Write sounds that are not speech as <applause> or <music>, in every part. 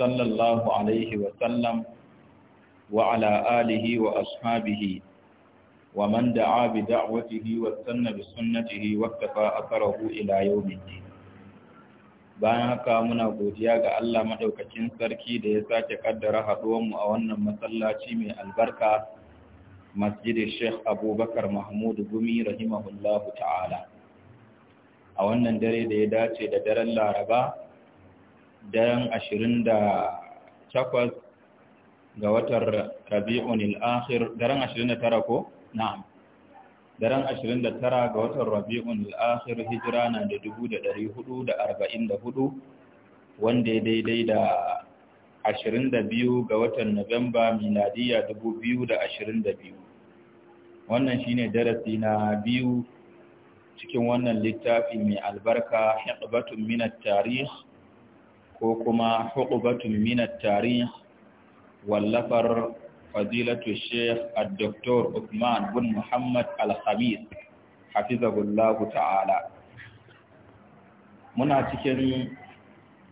صلى الله عليه وسلم وعلى آله وأصحابه ومن دعا بدعوته واستنى بسنته واكتفى أثره إلى يوم الدين bayan haka muna godiya ga Allah madaukakin sarki da ya sake kaddara mu a wannan masallaci mai albarka masjidin Sheikh Abubakar Mahmud Gumi rahimahullahu ta'ala a wannan dare da ya dace da daren Laraba dan 28 ga watar rabi'un al'akhir daren ashirin da ko? na'am daren 29 ga watar rabi'un al'akhir hijira na da 1444 wanda ya daidai da 22 ga watan Nuwamba miladiya 2022 wannan shine darasi na biyu cikin wannan littafi mai albarka hiqbatun minat tarikh ko kuma hukubatun minat tarih wallafar fadilatu sheikh al-doktor Uthman bin Muhammad al-Khamis hafizahullahu ta'ala muna cikin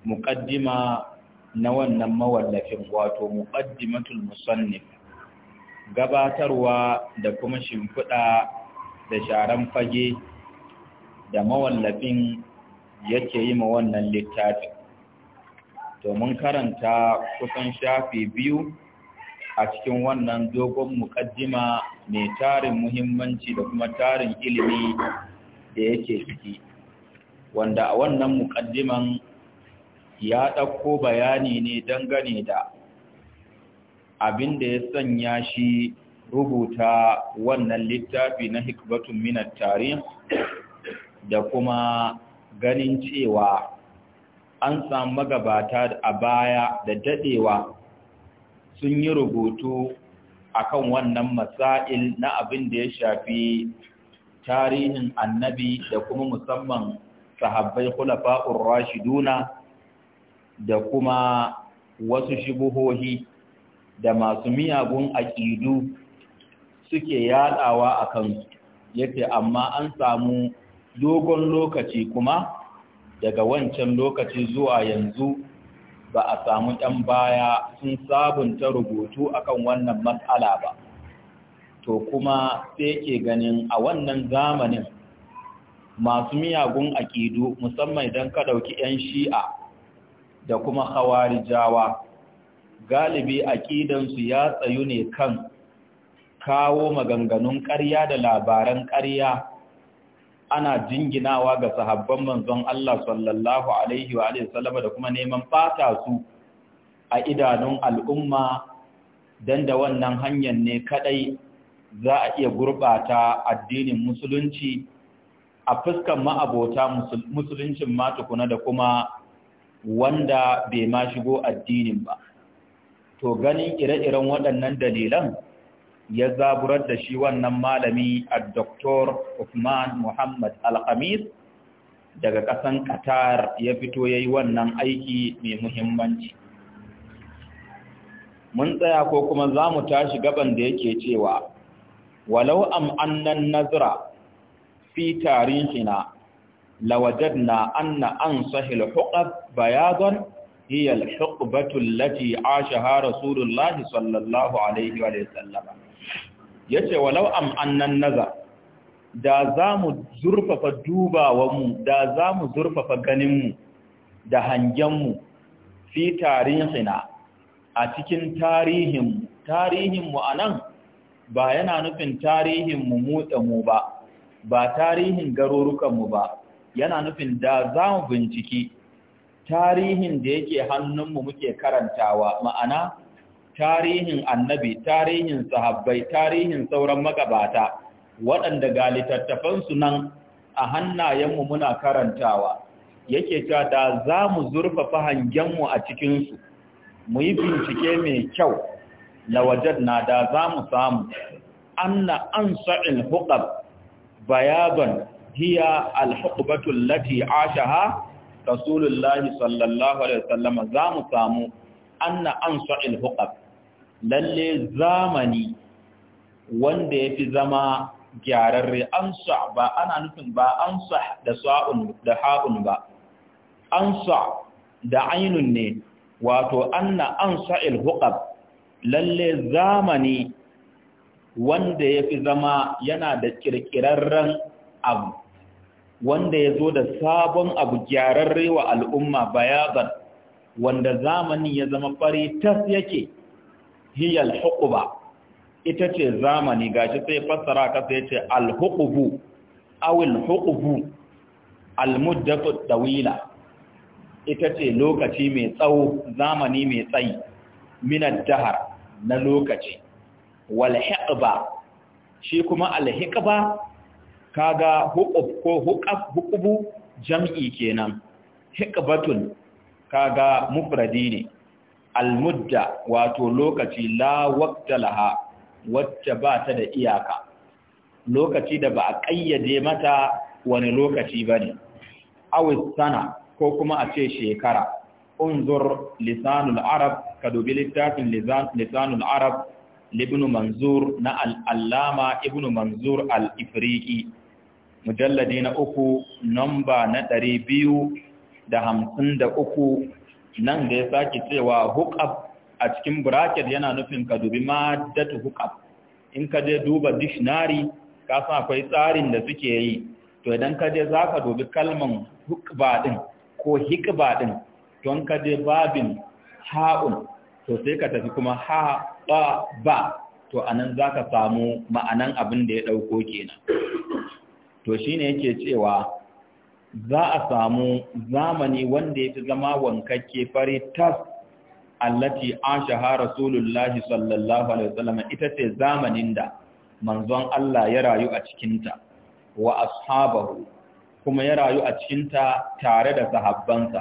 muqaddima na wannan mawallafin wato muqaddimatul musannif gabatarwa da kuma shimfiɗa da sharan fage da mawallafin yake yi ma wannan littafin to mun karanta kusan shafi biyu a cikin wannan dogon mukaddima mai tarin muhimmanci da kuma tarin ilimi da yake ciki wanda a wannan mukaddiman ya ɗauko bayani ne dangane da abin da ya sanya shi rubuta wannan littafi na hikbatun minar tarihi da kuma ganin cewa an samu magabata a baya da dadewa sun yi rubutu akan wannan masail na abin da ya shafi tarihin annabi da kuma musamman sahabbai khulafa'ur rashiduna da kuma wasu shibuhohi da masu miyagun aƙidu suke yadawa a kansu yake amma an samu dogon lokaci kuma daga wancan lokaci zuwa yanzu ba a samu ɗan baya sun sabunta rubutu akan wannan matsala ba to kuma sai ke ganin a wannan zamanin masu miyagun aƙidu musamman idan ka ɗauki 'yan shi'a da kuma hawarijawa galibi aƙidansu ya tsayu ne kan kawo maganganun ƙarya da labaran ƙarya ana jinginawa ga sahabban manzon Allah sallallahu alaihi wa alihi sallama da kuma neman fata su a idanun al'umma dan da wannan hanyar ne kadai za a iya gurbata addinin musulunci a fuskan ma'abota musuluncin ma da kuma wanda bai ma shigo addinin ba to ganin ire-iren waɗannan dalilan ya zaburar da shi wannan malami a Dr. Uthman Muhammad Al-Khamis daga ƙasan Qatar ya fito ya yi wannan aiki mai muhimmanci. Mun tsaya ko kuma za mu tashi gaban da yake cewa, walau am annan nazira fi tarihina lawajadna anna an sahil huqab bayadon hiyar huqbatul lati ashaha rasulullahi sallallahu alaihi wa sallama. ya ce walau am annan naza da za mu zurfafa dubawanmu da za mu zurfafa ganinmu da hangenmu fi tarihina a cikin tarihinmu tarihinmu a nan ba yana nufin tarihinmu mu ba ba tarihin garurukanmu ba yana nufin da za mu binciki tarihin da yake hannunmu muke karantawa ma'ana tarihin annabi tarihin sahabbai tarihin sauran magabata waɗanda ga littattafansu nan a hannayenmu muna karantawa yake cewa da za mu zurfafa hangenmu a cikinsu mu yi bincike mai kyau wajen na da za mu samu anna an huqab bayaban hiya al-huqbatu ashaha rasulullahi sallallahu alaihi wasallam za mu samu anna an sa'il huqab lalle zamani wanda ya fi zama gyararre an ba ana nufin ba an da sa'un da ha'un ba an da ainun ne wato anna an sa'il huqab lalle zamani wanda ya fi zama yana da ƙirƙirarren abu wanda ya zo da sabon abu gyararre wa al'umma bayaban wanda zamani ya zama fari tas yake hiyal huquba ita ce zamani gashi sai fassara ka sai ce al huqubu aw al huqubu al muddatu ita ce lokaci mai tsawo zamani mai tsayi min ad-dahr na lokaci wal hiqba shi kuma al hiqba kaga huqub ko huqab huqubu jam'i kenan hiqbatun kaga mufradi ne almudda wato lokaci la waqta laha wacce ba ta da iyaka lokaci da ba a ƙayyade mata wani lokaci ba ne awis sana ko kuma a ce shekara unzur lisanul arab ka dubi littafin lisanul arab ibn manzur na al'allama ibn manzur al-ifriqi mujalladi na uku namba na ɗari biyu da hamsin da uku nan da ya sake cewa hookup a cikin bracket yana nufin ka dubi maddatu hookup in ka je duba dictionary ka san akwai tsarin da suke yi to idan ka je zaka dubi kalman hukba din ko hikba din to in ka je babin ha'un to sai ka tafi kuma ha ba ba to anan zaka samu ma'anan abin da ya dauko kenan to shine yake cewa za a samu zamani wanda ya fi zama wankakke fari tas allati ashaha shahara rasulullahi sallallahu alaihi wasallam ita ce zamanin da manzon Allah ya rayu a cikinta wa ashabahu kuma ya rayu a cikinta tare da sahabbansa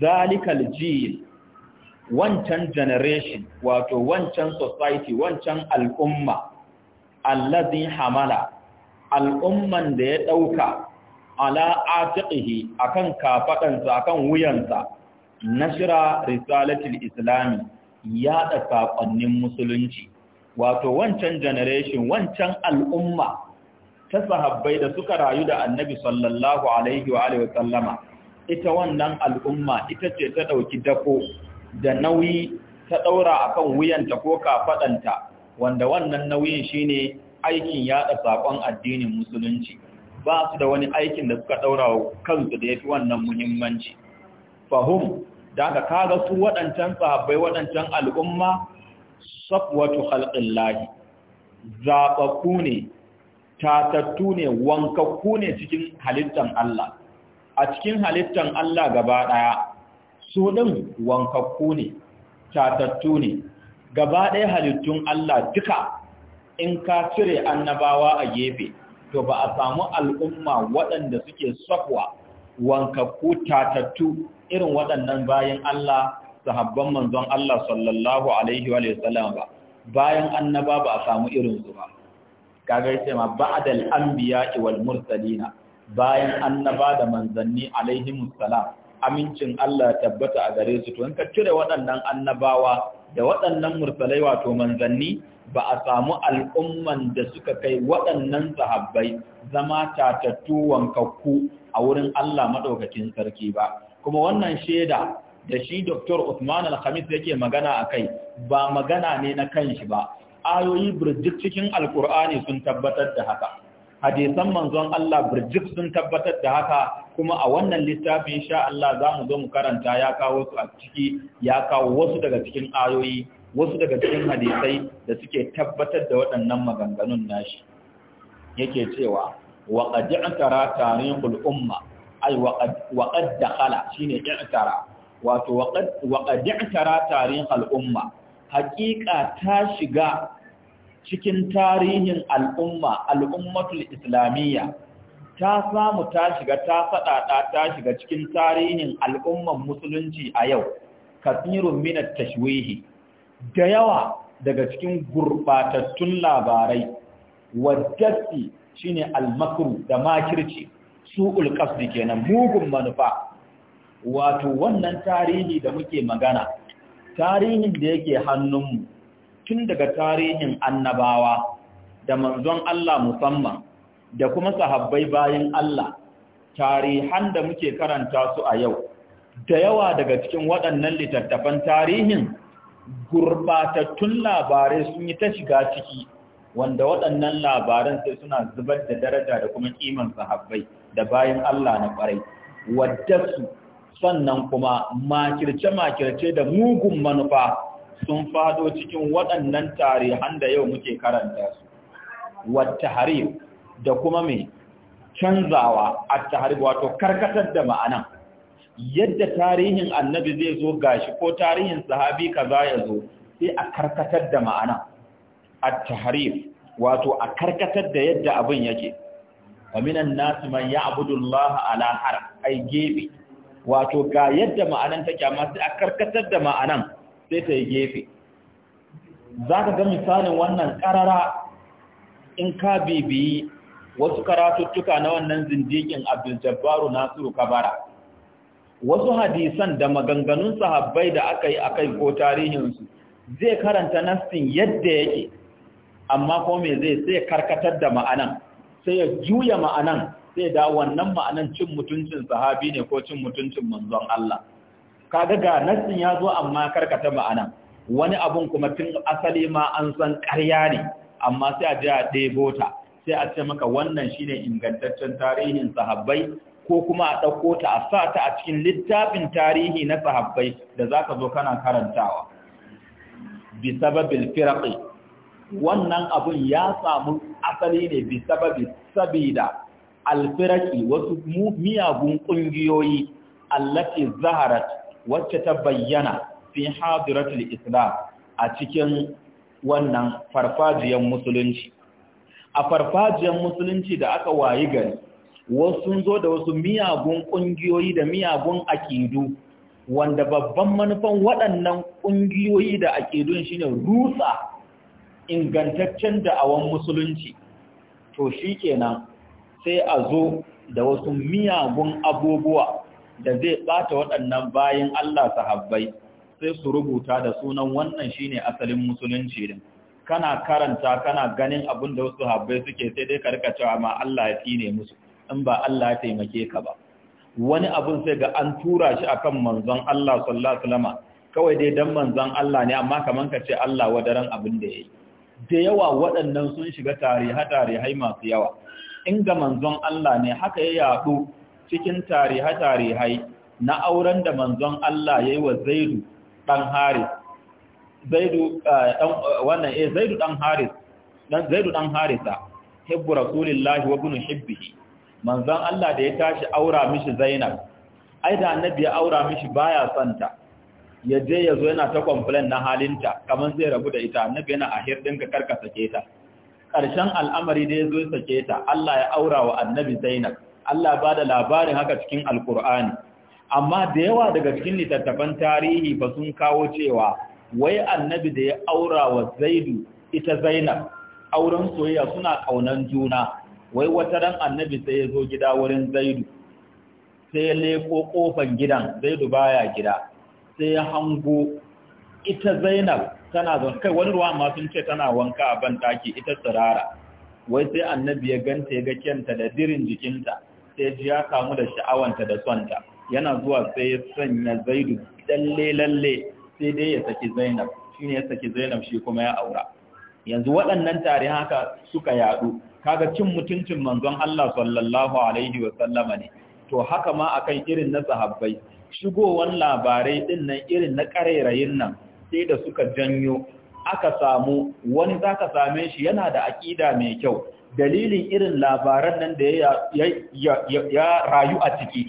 zalikal jil wancan generation wato wancan society wancan al'umma allazi hamala al'umman da ya dauka ala atiqihi akan kafadansa akan wuyansa nashira risalatul islami yaɗa sakonnin musulunci wato wancan generation wancan al'umma ta sahabbai da suka rayu da annabi sallallahu alaihi wa alihi wa ita wannan al'umma ita ce ta ɗauki dako da nauyi ta daura akan wuyanta ko kafadanta wanda wannan nauyin shine aikin yaɗa saƙon addinin musulunci ba su da wani aikin da suka ɗaura wa kansu da ya fi wannan muhimmanci fahum da aka kaga su waɗancan sahabbai waɗancan al'umma safwatu lahi zababbu ne tatattu ne wankakku ne cikin halittan Allah a cikin halittan Allah gaba ɗaya su ɗin wankakku ne tatattu ne gaba ɗaya halittun Allah duka in ka cire annabawa a gefe to ba a samu al'umma waɗanda suke wanka wankakku tatattu irin waɗannan bayan Allah sahabban manzon Allah sallallahu alaihi wa sallam ba bayan annaba ba a samu irinsu ba kaga yace ma ba'dal anbiya'i wal mursalina bayan annaba da manzanni Alaihi salam amincin Allah tabbata a gare su to in ka cire waɗannan annabawa da waɗannan mursalai wato manzanni ba a samu al'umman da suka kai waɗannan sahabbai zama tatattuwan kakku a wurin Allah maɗaukakin sarki ba. Kuma wannan shaida da shi Dr. Usman Al-Khamis yake magana a kai ba magana ne na kan shi ba, ayoyi birjik cikin Alƙur'ani sun tabbatar da haka. Hadisan manzon Allah birjik sun tabbatar da haka kuma a wannan littafin sha Allah za mu zo mu karanta ya ciki ya kawo wasu daga cikin ayoyi wasu daga cikin hadisai da suke tabbatar da waɗannan maganganun nashi yake cewa wa qad i'tara umma ay wa qad dakhala shine i'tara wato wa qad i'tara tarikhul umma haƙiƙa ta shiga cikin tarihin al'umma al'ummatul islamiyya ta samu ta shiga ta faɗaɗa ta shiga cikin tarihin al'umman musulunci a yau kasirun minat tashwihi da yawa daga cikin gurbatattun labarai waddasi shine almakru da makirci su'ul qasdi kenan mugun manufa wato wannan tarihi da muke magana tarihin da yake hannunmu tun daga tarihin annabawa da manzon Allah musamman da kuma sahabbai bayan Allah tarihan da muke karanta su a yau da yawa daga cikin waɗannan littattafan tarihin gurbatattun labarai sun yi ta shiga ciki wanda waɗannan labaran sai suna zubar da daraja da kuma kiman sahabbai da bayan Allah na ƙwarai wadda su, sannan kuma makirce-makirce da mugun manufa sun fado cikin waɗannan tare da yau muke karanta su wata hari da kuma mai canzawa a tare wato karkatar da ma'anan yadda tarihin annabi zai zo gashi ko tarihin sahabi kaza ya zo sai a karkatar da ma'ana at-tahrif wato a karkatar da yadda abin yake waminan nasu man ya'budu Allah ala har ai gefe wato ga yadda ma'anan take amma sai a karkatar da ma'anan sai ta yi gefe zaka ga misalin wannan karara in ka bibiyi wasu karatuttuka na wannan zindikin Abdul Jabbaru Nasiru Kabara wasu hadisan da maganganun sahabbai da aka yi a kai ko tarihinsu zai karanta nassin yadda yake amma ko me zai sai karkatar da ma'anan sai ya juya ma'anan sai da wannan ma'anan cin mutuncin sahabi ne ko cin mutuncin manzon Allah kaga ga nassin ya zo amma karkata ma'anan wani abun kuma tun asali ma an san ƙarya ne amma sai a ji a ɗebo ta sai a ce maka wannan shine ingantaccen tarihin sahabbai ko kuma a ɗauko ta a sa ta a cikin littafin tarihi na sahabbai da za ka zo kana karantawa bi sababil wannan abun ya samu asali ne bi sabida alfiraƙi wasu miyagun ƙungiyoyi allati zaharat wacce ta bayyana fi hadiratul islam a cikin wannan farfajiyar musulunci a farfajiyar musulunci da aka wayi gari wasu zo da wasu miyagun ƙungiyoyi da miyagun akidu wanda babban manufan waɗannan ƙungiyoyi da akidun shine rusa ingantaccen da'awan musulunci to shi kenan sai a zo da wasu miyagun abubuwa da zai ɓata waɗannan bayan Allah sahabbai sai su rubuta da sunan wannan shine asalin musulunci din kana karanta kana ganin abin da wasu habbai suke sai dai karkacewa ma Allah ya ne musu in ba Allah ya taimake ka ba wani abun sai ga an tura shi akan manzon Allah sallallahu alaihi wasallam kawai dai dan manzon Allah ne amma kaman ka ce Allah wadaran abin da yayi da yawa waɗannan sun shiga tariha-tarihai masu yawa In ga manzon Allah ne haka ya yaɗu cikin tariha-tarihai na auren da manzon Allah ya wa zaidu ɗan haris zaidu eh, wannan eh zaidu dan haris dan zaidu dan harisa hibbu rasulillahi wa bunu hibbihi manzon Allah da ya tashi aura mishi Zainab ai da annabi ya aura mishi baya santa ya je ya zo yana ta complain na halinta kamar zai rabu da ita annabi yana ahir dinka karka sake ta Karshen al'amari da ya zo sake ta Allah ya aura wa annabi Zainab Allah ba da labarin haka cikin alkur'ani amma da yawa daga cikin littattafan tarihi ba sun kawo cewa wai annabi da ya aura wa Zaidu ita Zainab auren soyayya suna kaunan juna wai wata ran annabi sai ya zo gida wurin zaidu sai ya leko kofan gidan zaidu baya gida sai ya hango ita zainab tana zo kai wani ruwa ma sun ce tana wanka a ban daki ita tsirara wai sai annabi ya ganta ya ga kyanta da dirin jikinta sai ji ya kamu da sha'awanta da sonta yana zuwa sai ya sanya zaidu lalle lalle sai dai ya saki zainab shine ya saki zainab shi kuma ya aura yanzu waɗannan tare haka suka yadu kaga cin mutuncin manzon Allah sallallahu alaihi wa sallama ne to haka ma akan irin na sahabbai shigowan labarai din nan irin na karairayin nan sai da suka janyo aka samu wani zaka same shi yana da akida mai kyau dalilin irin labaran nan da ya rayu a ciki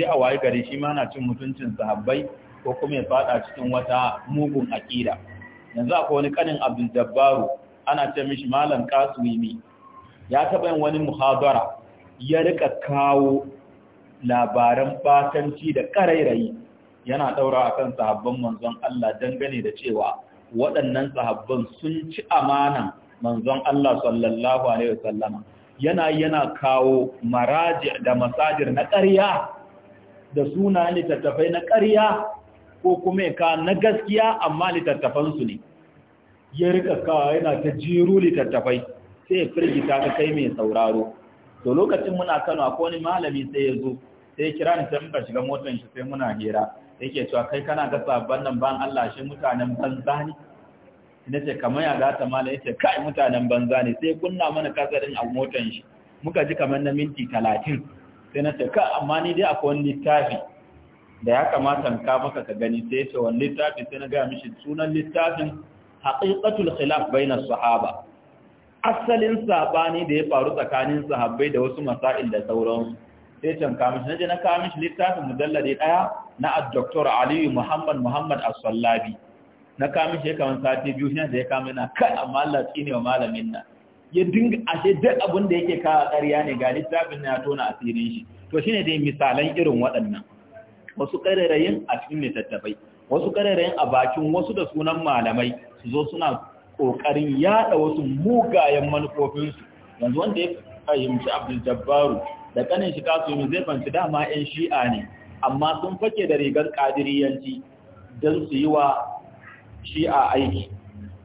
sai a waye gari shi ma na cin mutuncin sahabbai ko kuma ya fada cikin wata mugun akida yanzu akwai wani kanin Abdul Jabbaru ana ce mishi malam Kasumi ya taɓa yin wani muhabara ya rika kawo labaran batanci da ƙarairayi yana ɗaura a kan sahabban manzon Allah dangane da cewa waɗannan sahabban sun ci amanan manzon Allah sallallahu Alaihi wasallama yana yana kawo maraji da masajir na ƙarya da suna littattafai na ƙarya ko kuma ka na gaskiya amma littattafansu ne ya rika kawo yana ta jiru littattafai sai ya firgita ka kai mai sauraro to lokacin muna Kano akwai wani malami sai ya zo sai ya kira ni sai muka shiga motar shi sai muna hira yake cewa kai kana ga sabon nan ban Allah shi mutanen banza ne ina ce kamar ya gata mala yace kai mutanen banza ne sai kunna mana kasarin a motar shi muka ji kamar na minti talatin sai na ce ka amma ni dai akwai wani littafi da ya kamata in ka maka ka gani sai ya ce wani littafi sai na gaya mishi sunan littafin haqiqatul khilaf bainas sahaba asalin sabani da ya faru tsakanin sahabbai da wasu masail da sauransu sai can kamishi naje na kamishi littafin mujallade daya na ad Ali Aliyu Muhammad Muhammad As-Sallabi na kamishi ya kaman sati biyu shi da ya kama yana kai amma Allah tsine wa malamin nan ya dinga ashe duk abin da yake kawo ƙarya ne ga littafin na ya tona asirin shi to shine dai misalan irin waɗannan wasu ƙarerayin a cikin mai tattabai wasu ƙarerayin a bakin wasu da sunan malamai su zo suna ƙoƙarin yaɗa wasu mugayen manufofinsu yanzu wanda ya fahimci abdul jabbaru da kanin shi kasumi zai fanci dama 'yan shi'a ne amma sun fake da rigar ƙadiriyanci don su yi wa shi'a aiki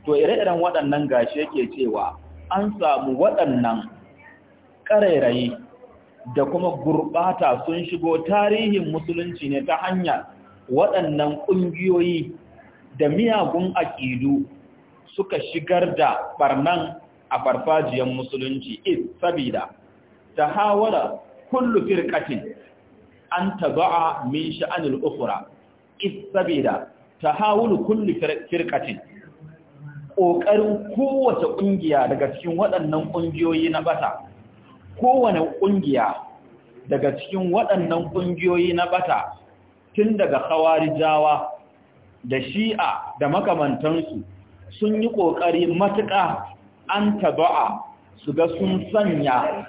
to ire-iren waɗannan gashi yake cewa an samu waɗannan ƙarairayi da kuma gurɓata sun shigo tarihin musulunci ne ta hanyar waɗannan ƙungiyoyi da miyagun aƙidu suka shigar da barnan a farfajiyar musulunci is sabida ta hawara kullu firkatin an taba'a min sha'anil ukhra is sabida ta hawulu kullu firkatin ƙoƙarin kowace ƙungiya daga cikin waɗannan ƙungiyoyi na bata kowane ƙungiya daga cikin waɗannan ƙungiyoyi na bata tun daga khawarijawa da shi'a da makamantansu sun yi ƙoƙari matuƙa an taba'a su ga sun sanya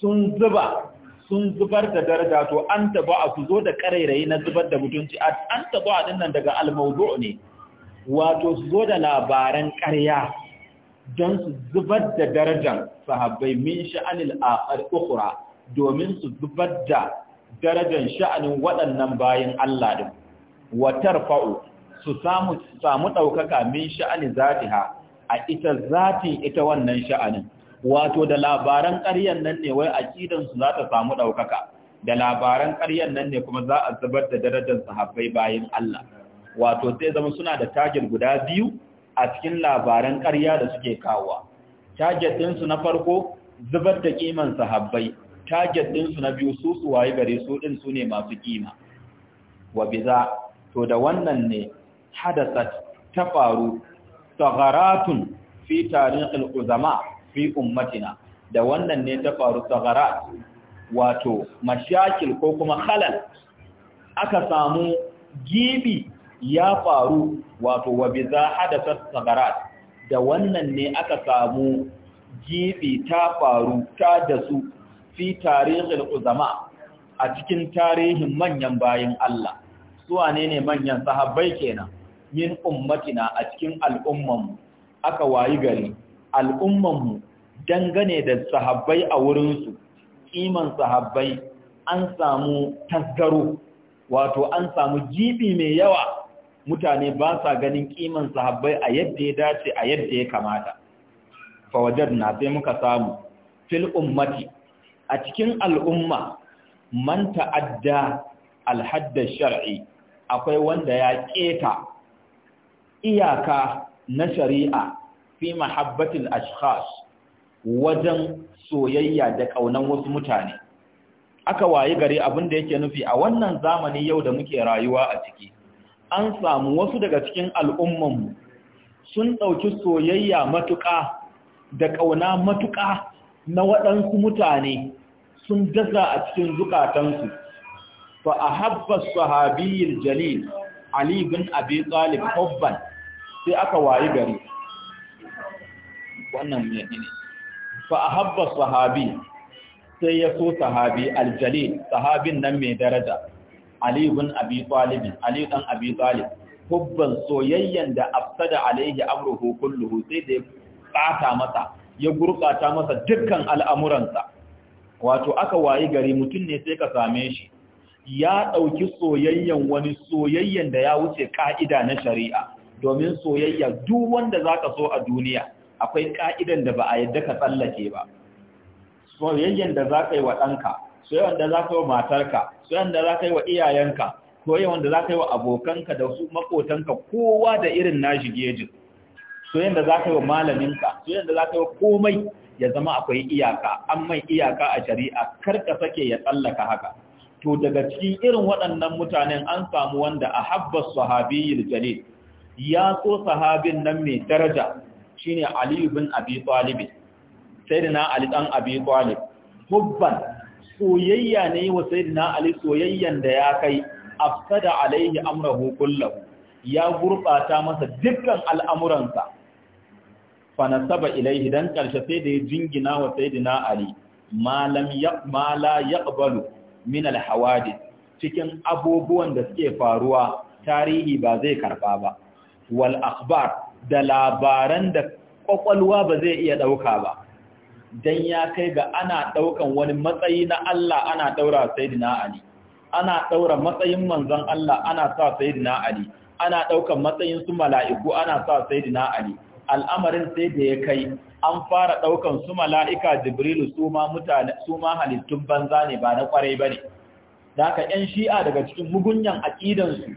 sun zuba sun zubar da daraja to an taba'a su zo da ƙarairayi na zubar da mutunci an taba'a ɗin nan daga almaudu ne wato su zo da labaran ƙarya don su zubar da darajar sahabbai min sha'anil akhar domin su zubar da darajar sha'anin waɗannan bayan Allah din wa tarfa'u su samu samu daukaka min sha'ani zatiha a ita zati ita wannan sha'anin wato da labaran ƙaryan nan ne wai aqidan su za ta samu ɗaukaka, da labaran ƙaryan nan ne kuma za a zubar da darajar sahabbai bayan Allah wato sai zama suna da tajir guda biyu a cikin labaran ƙarya da suke kawowa target ɗinsu na farko zubar da kiman sahabbai target ɗinsu na biyu su su waye gare su ɗin su ne masu ƙima. wa biza to da wannan ne hadasat ta faru tsagharatun fi tarihin uzama fi ummatina da wannan ne ta faru tsagharat wato mashakil ko kuma halal aka samu gibi ya faru wato wa za hadasat tsagharat da wannan ne aka samu gibi ta faru ta dasu fi tarihin uzama a cikin tarihin manyan bayan Allah Su wanene ne manyan sahabbai kenan min ummatina a cikin al'ummanmu aka wayi gari al'ummanmu dangane da sahabbai a wurinsu kiman sahabbai an samu tasgaro wato an samu jibi mai yawa mutane ba sa ganin kiman sahabbai a yadda ya dace a yadda ya kamata fawajar na sai muka samu fil ummati a cikin al'umma man ta'adda alhaddar shar'i akwai wanda ya keta iyaka na shari'a fi mahabbatil ashkhas wajen soyayya da kaunan wasu mutane aka wayi gare abin da yake nufi a wannan zamani yau da muke rayuwa a ciki an samu wasu daga cikin al'ummanmu sun ɗauki soyayya matuƙa da ƙauna matuƙa na waɗansu mutane sun dasa a cikin zukatansu fa a habbar jalil ali bin abi talib hubban sai aka wayi gari wannan ne fa ahabba sahabi sai ya so sahabi aljalil sahabin nan mai daraja ali ibn abi talib ali dan abi talib hubban soyayyan da afsada alaihi amruhu kulluhu sai da ya ƙata masa ya gurkata masa dukkan al'amuransa wato aka wayi gari mutum ne sai ka same shi ya ɗauki soyayyan wani soyayyan da ya wuce ka'ida na shari'a domin soyayya duk wanda zaka so a duniya akwai ka'idan da ba a yadda ka tsallake ba soyayyan da zaka yi wa ɗanka soyayyan da zaka yi wa matarka soyayyan da zaka yi wa iyayenka soyayyan da zaka yi wa abokanka da su makotanka kowa da irin nashi gejin soyayyan da zaka yi wa malaminka soyayyan da zaka yi wa komai ya zama akwai iyaka an mai iyaka a shari'a kar ka sake ya tsallaka haka to daga cikin irin waɗannan mutanen an samu wanda a habba jalil ya so sahabin nan mai daraja shine Aliyu bin Abi Talib sayyidina Ali Ɗan Abi Talib hubban soyayya ne wa na Ali soyayyan da ya kai afsada alaihi amrahu kullum. ya gurɓata masa dukkan al'amuransa fanasaba ilaihi dan ƙarshe sai da ya jingina wa Saidina Ali mala ya mala min alhawadis cikin abubuwan da suke faruwa tarihi ba zai karɓa ba wal akhbar da labaran da kwakwalwa ba zai iya ɗauka ba dan ya kai ga ana ɗaukan wani matsayi na Allah ana daura sayyidina Ali ana daura matsayin manzon Allah ana sa sayyidina Ali ana daukan matsayin su mala'iku ana sa sayyidina Ali al'amarin sai da ya kai an fara ɗaukan su mala'ika jibrilu su ma mutane su ma halittun banza ne ba na kwarai ba ne. Da ka ‘yan shi'a daga cikin mugunyan su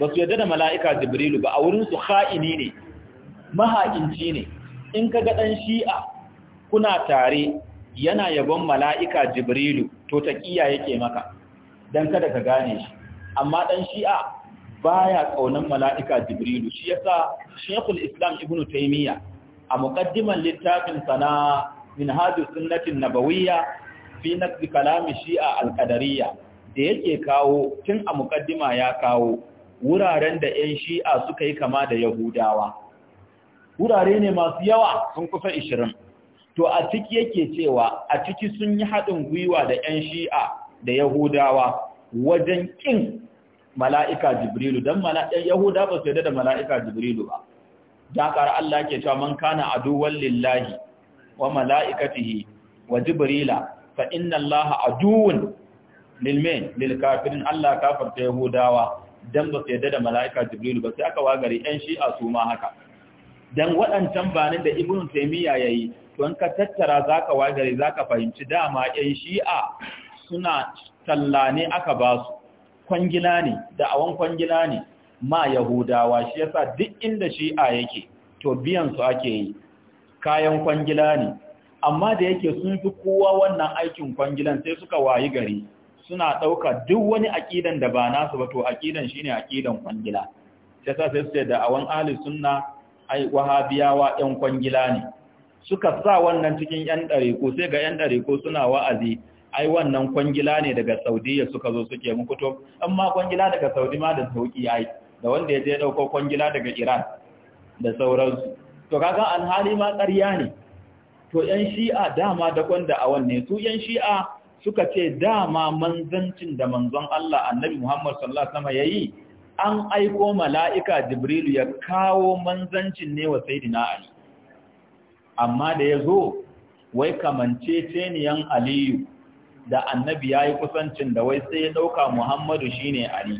ba su yadda da mala'ika jibrilu ba a wurinsu ha'ini ne maha'inci ne in ka ga ɗan shi'a kuna tare yana yabon mala'ika jibrilu to ta yake maka don kada ka gane shi amma ɗan shi'a baya kaunan mala'ika jibrilu shi yasa shekul islam ibnu taimiyya a muƙaddiman littafin sana min hajji sunnatin nabawiyya fi na kalami shi'a al-qadariyya da yake kawo tun a muƙaddima ya kawo wuraren da 'yan shi'a suka yi kama da yahudawa wurare ne masu yawa sun kusa ishirin. to a ciki yake cewa a ciki sun yi haɗin gwiwa da 'yan shi'a da yahudawa wajen ƙin mala'ika jibrilu don yahuda ba su yada da mala'ika jibrilu ba dakar Allah ke cewa man kana aduwan lillahi wa mala'ikatihi wa jibrila fa inna Allah aduwun lil lilkafirin Allah kafarta yahudawa dan ba su yadda da mala'ika jibrilu ba sai aka wagari yan shi'a su ma haka dan waɗancan banin da ibnu taymiya yayi to an ka tattara zaka wagari zaka fahimci dama yan shi'a suna talla ne aka ba su kwangila ne da awan kwangila ne ma yahudawa shi yasa duk inda shi'a yake to biyan su ake yi kayan kwangila ne amma da yake sun fi kowa wannan aikin kwangilan sai suka wayi gari suna ɗauka duk wani aƙidan da ba nasu ba to aƙidan shine aƙidan kwangila sai sa sai su da awan ahli sunna ai wahabiyawa ɗan kwangila ne suka sa wannan cikin yan ɗariko sai ga yan ɗariko suna wa'azi ai wannan kwangila ne daga saudiya suka zo suke muku to amma kwangila daga saudi ma da sauki ai da wanda ya je ɗauko kwangila daga iran da sauransu to kaga alhali ma ƙarya ne to yan shi'a dama da kwanda a ne su yan shi'a suka ce dama manzancin da manzon Allah annabi Muhammad sallallahu alaihi wasallam yayi an aiko mala'ika Jibrilu ya kawo manzancin ne wa Sayyidina Ali amma da yazo wai kamance yan Aliyu da annabi yayi kusancin da wai sai ya dauka Muhammadu shine Ali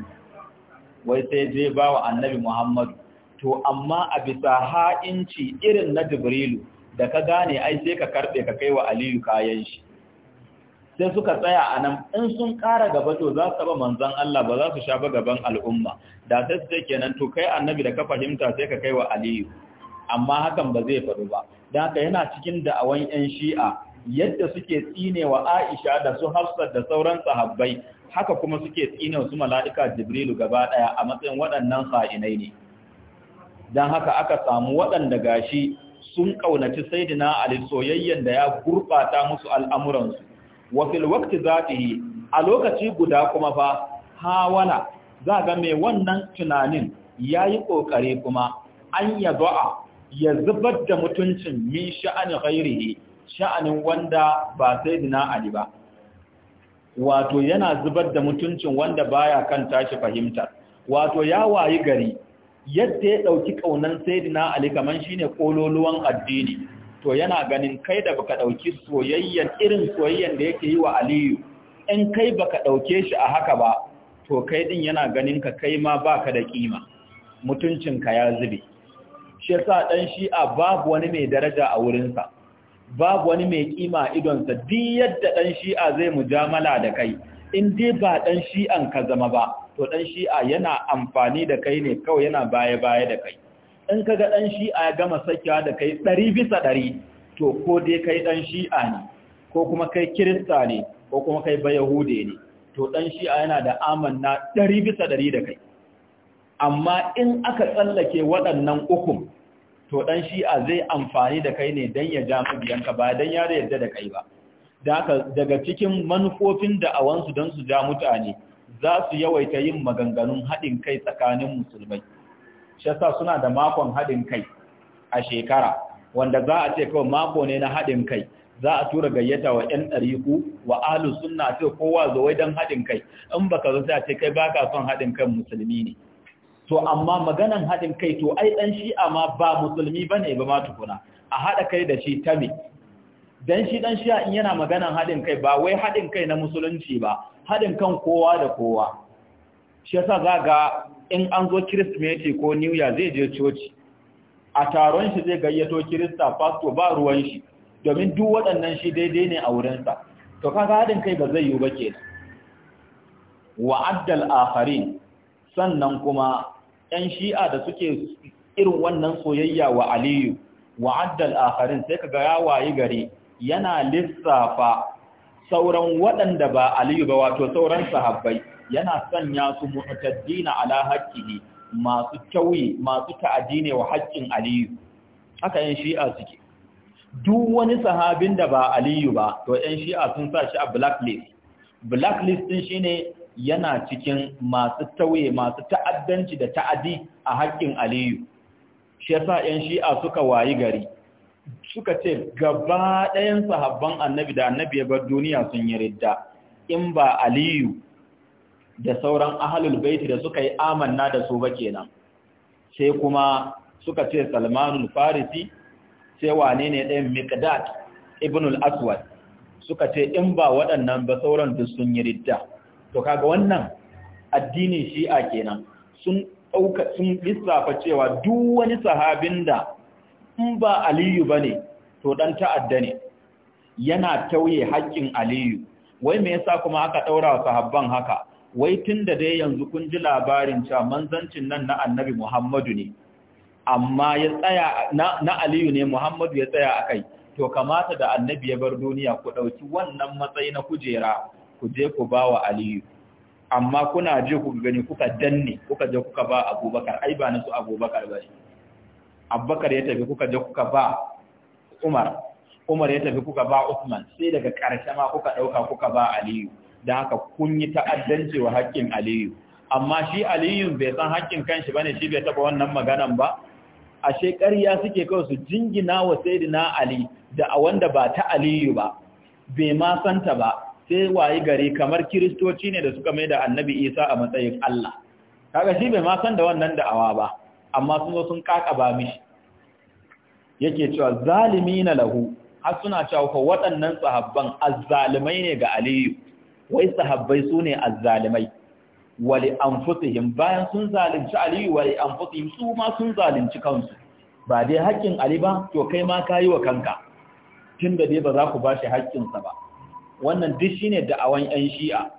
wai sai je bawa annabi Muhammadu to amma a bisa ha'inci irin na Jibrilu da ka gane ai sai ka karbe ka kai wa Aliyu kayan shi sai suka tsaya a nan in sun ƙara gaba to za su taɓa manzan Allah ba za su sha ba gaban al'umma da sai su sai kenan to kai annabi da ka fahimta sai ka kai wa aliyu amma hakan ba zai faru ba Dan haka yana cikin da'awan 'yan shi'a yadda suke tsinewa Aisha da su Hafsat da sauran sahabbai haka kuma suke tsinewa su mala'ika Jibrilu gaba ɗaya, a matsayin waɗannan sa'inai ne dan haka aka samu waɗanda gashi sun ƙaunaci Sayyidina Ali soyayyen da ya gurbata musu al'amuransu wa fil waqti zatihi a lokaci guda kuma fa hawala za ga mai wannan tunanin yayi ƙoƙari kuma an ya zo'a ya zubar da mutuncin min sha'ani ghairihi sha'anin wanda ba dina ali ba wato yana zubar da mutuncin wanda baya kan tashi fahimtar wato ya wayi gari yadda ya dauki kaunan sayyidina ali kaman shine ƙololuwan addini to yana ganin kai da baka ɗauki soyayyan irin soyayyan da yake yi wa aliyu in kai baka ɗauke shi a haka ba to kai ɗin yana ganin ka kai ma baka da ƙima ka ya zube shi yasa ɗan shi'a babu wani mai daraja a wurinsa babu wani mai kima idonsa duk yadda ɗan shi'a zai mujamala da kai in dai ba ɗan shi'an ka zama ba to ɗan shi'a yana amfani da kai ne kawai yana baya-baya da kai in ka ga ɗan shi'a ya gama sakewa da kai ɗari bisa ɗari to ko dai kai ɗan shi'a ne ko kuma kai kirista ne ko kuma kai Bayahude ne to ɗan shi'a yana da amanna ɗari bisa ɗari da kai amma in aka tsallake waɗannan ukun to ɗan shi'a zai amfani da kai ne don ya ja mabiyanka ba don ya yarda da kai ba daga cikin manufofin da'awansu don su ja mutane za su yawaita yin maganganun haɗin kai tsakanin musulmai Shasa suna da makon haɗin kai a shekara wanda za a ce kawai mako ne na haɗin kai za a tura gayyata wa ‘yan ɗariku wa alu suna ce kowa zo wai don haɗin kai in baka zo sai a ce kai baka son haɗin kan musulmi ne to amma maganan haɗin kai to ai ɗan shi'a ma ba musulmi ba ne ba ma tukuna a haɗa kai da shi ta me dan shi ɗan shi'a in yana maganan haɗin kai ba wai haɗin kai na musulunci ba haɗin kan kowa da kowa shi yasa za ga in an zo kirismeti ko new year zai je coci a taron shi zai gayyato kirista fasto ba ruwan shi domin duk waɗannan shi daidai ne a wurinsa to kaga haɗin kai ba zai yi ba ke wa addal akharin sannan kuma ɗan shi'a da suke irin wannan soyayya wa aliyu wa addal akharin sai kaga ya wayi gari yana lissafa sauran waɗanda ba aliyu ba wato sauran sahabbai yana sanya su mu'taddina ala haqqihi masu kyauyi masu ta'adi ne wa haƙƙin aliyu haka yan shi'a suke duk wani sahabin da ba aliyu ba to yan shi'a sun sa shi a blacklist blacklist din shine yana cikin masu tauye masu ta'addanci da ta'adi a haƙƙin aliyu shi yasa yan shi'a suka wayi gari suka ce gaba ɗayan sahabban annabi da annabi ya bar duniya sun yi ridda in ba aliyu da sauran ahalul baiti da suka yi amanna da su ba kenan sai kuma suka ce salmanul farisi sai wane ne ɗayan miqdad ibnul aswad suka ce in ba waɗannan ba sauran duk sun yi ridda to kaga wannan addinin shi'a kenan sun ɗauka sun lissafa cewa duk wani sahabin da in ba aliyu bane to dan ta'adda ne yana tauye haƙƙin aliyu wai me yasa kuma aka ɗaura wa sahabban haka wai tun da dai yanzu kun ji labarin cewa manzancin nan na annabi Muhammadu ne, amma ya tsaya na Aliyu ne Muhammadu ya tsaya a kai, to kamata da annabi ya bar duniya ku ɗauki wannan matsayi na kujera ku je ku ba wa Aliyu. Amma kuna je ku gani kuka danne kuka je kuka ba abubakar, ai ba nasu su abubakar ba shi. Abubakar ya tafi kuka je kuka ba Umar, Umar ya tafi kuka ba Usman, sai daga ƙarshe ma kuka ɗauka kuka ba Aliyu. da haka kun yi ta'addanci wa haƙƙin aliyu amma shi aliyu bai san haƙƙin kanshi bane shi bai taba wannan maganan ba ashe ya suke kawai su jingina wa sayyidina ali da a wanda ba ta aliyu ba bai ma santa ba sai wayi gari kamar kiristoci ne da suka mai da annabi isa a matsayin allah kaga shi bai ma san da wannan da'awa ba amma sun zo sun kaka ba mishi yake cewa zalimi na lahu har suna cewa waɗannan sahabban azzalimai ne ga aliyu wai sahabbai su ne azzalimai wali anfusihim bayan sun zalunci aliyu wali anfusihim su ma sun zalunci kansu ba dai haƙƙin ali ba to kai ma kayi wa kanka tunda dai ba za ku ba bashi haƙƙinsa ba wannan duk shine da'awan yan shi'a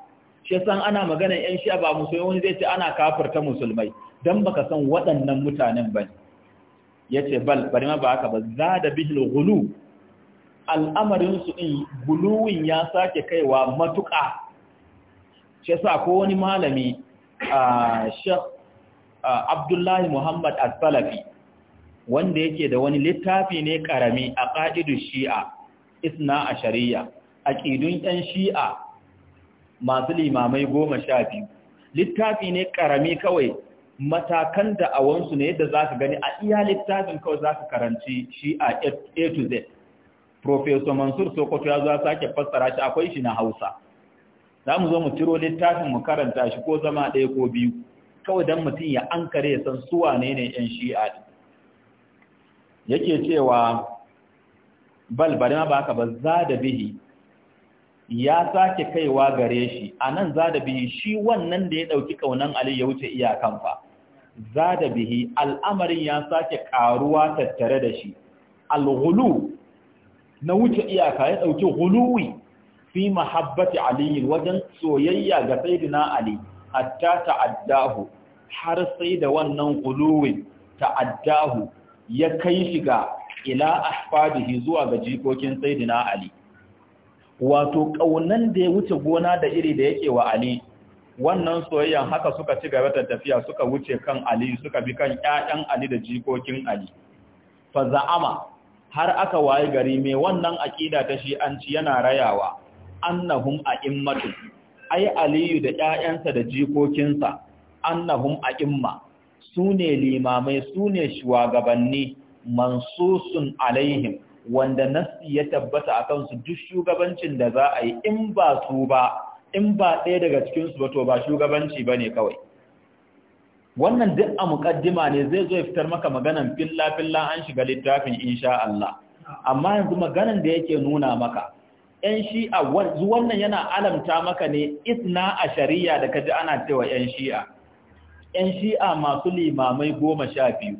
shi san ana magana yan shi'a ba musulmi wani zai ce ana kafirta musulmai dan baka san waɗannan mutanen ba yace bal bari ma ba haka ba za da bihil ghulu al'amarinsu ɗin guluwin ya sake kaiwa matuƙa shi sa ko wani malami a shek abdullahi muhammad al-salafi wanda yake da wani littafi ne karami a ƙa'idu shi'a isna a shari'a a ƙidun ‘yan shi'a masu limamai goma sha biyu littafi ne karami kawai matakan da awansu ne yadda za ka gani a iya littafin kawai za ka karanci shi'a a to z Profesor Mansur Sokoto ya zo sake fassara shi akwai shi na Hausa. Za mu zo mu ciro littafin mu karanta shi ko zama ɗaya ko biyu, kawai don mutum ya ankare ya san su wane ne ‘yan shi'a Yake cewa bal bari ma ba ka ba za da bihi ya sake kaiwa gare shi, a nan za da bihi shi wannan da ya ɗauki ƙaunan Ali ya wuce iyakan fa. Za da bihi al'amarin ya sake ƙaruwa tattare da shi, alhulu. na wuce iyaka ya ɗauki huluwi fi mahabbati ali wajen soyayya ga sayyidina ali hatta ta'addahu har sai da wannan huluwin ta'addahu ya kai shi ga ila ahfadihi zuwa ga jikokin sayyidina ali wato kaunan da ya wuce gona da iri da yake wa ali wannan soyayyan haka suka ci gaba da tafiya suka wuce kan Ali suka bi kan ƴaƴan Ali da jikokin Ali fa za'ama har aka waye gari mai wannan aƙida ta shi an ci yana rayawa annahum a'immatu ai aliyu da ƴaƴansa da jikokinsa annahum a'imma sune limamai sune shugabanni mansusun alaihim wanda nasi ya tabbata a kansu duk shugabancin da za a yi in ba su ba in ba ɗaya daga cikin su ba to ba shugabanci bane kawai wannan duk a mukaddima ne zai zo ya fitar maka maganan filla-filla an shiga littafin insha Allah amma yanzu maganan da yake nuna maka ‘yan shi'a wannan yana alamta maka ne isna a shari'a da kaji ana cewa ‘yan shi'a ‘yan shi'a masu limamai goma sha biyu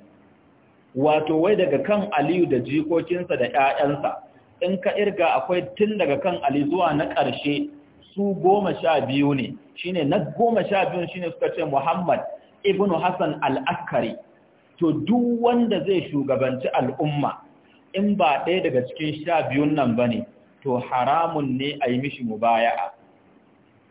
wato wai daga kan aliyu da jikokinsa da ‘ya'yansa in ka irga akwai tun daga kan ali zuwa na ƙarshe su goma sha biyu ne shine na goma sha biyun shine suka ce muhammad Ibn Hassan al-Askari to duk wanda zai shugabanci al'umma in ba ɗaya daga cikin sha biyun nan bane to haramun ne a yi mishi mubaya'a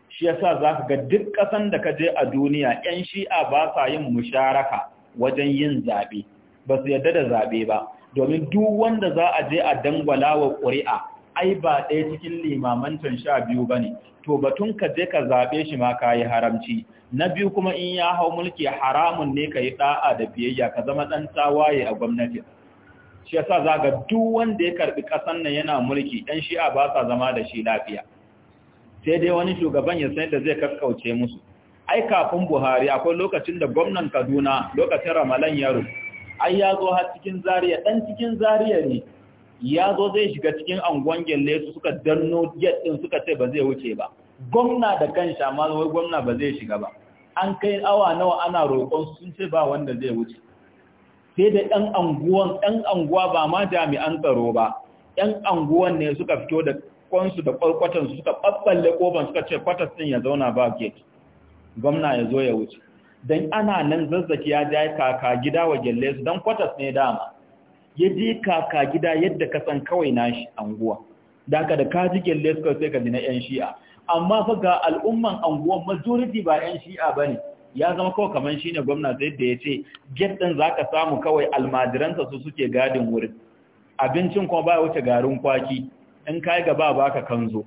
shi yasa za ka ga duk ƙasan da ka je a duniya 'yan shi'a ba sa yin musharaka wajen yin zaɓe ba su yadda da zaɓe ba domin duk wanda za a je a Dangwalawa, ƙuri'a ai ba ɗaya cikin limamantan sha biyu ba ne, to batun ka je ka zaɓe shi ma ka yi haramci, na biyu kuma in ya hau mulki haramun ne ka yi ɗa'a da biyayya ka zama ɗan tawaye a gwamnati. Shi yasa za ga duk wanda ya karɓi ƙasan nan yana mulki, ɗan shi'a ba sa zama da shi lafiya. Sai dai wani shugaban ya san da zai kaskauce musu. Ai kafin Buhari akwai lokacin da gwamnan Kaduna lokacin Ramalan Yaro, ai ya zo har cikin Zaria, ɗan cikin Zaria ne, ya zo zai shiga cikin angon gyalle su suka danno gate din suka ce ba zai wuce ba gwamna da kan shama wai gwamna ba zai shiga ba an kai awa nawa ana roƙon sun ce ba wanda zai wuce sai da ɗan anguwan ɗan anguwa ba ma jami'an tsaro ba ɗan anguwan ne suka fito da kwansu da su suka ɓaɓɓalle ƙofan suka ce kwatas din ya zauna ba gate gwamna ya zo ya wuce don ana nan zazzaki ya ja kaka gida wa gyalle su don kwatas ne dama ya je kaka gida yadda ka san kawai nashi anguwa da ka da ka ji suka sai ka ji na yan shi'a amma fa al'umman anguwa majority ba yan shi'a bane ya zama kawai kaman shine gwamna sai da ce, get din zaka samu kawai almadiransa su suke gadin wurin abincin kuma ba wuce garin kwaki in kai gaba baka zo.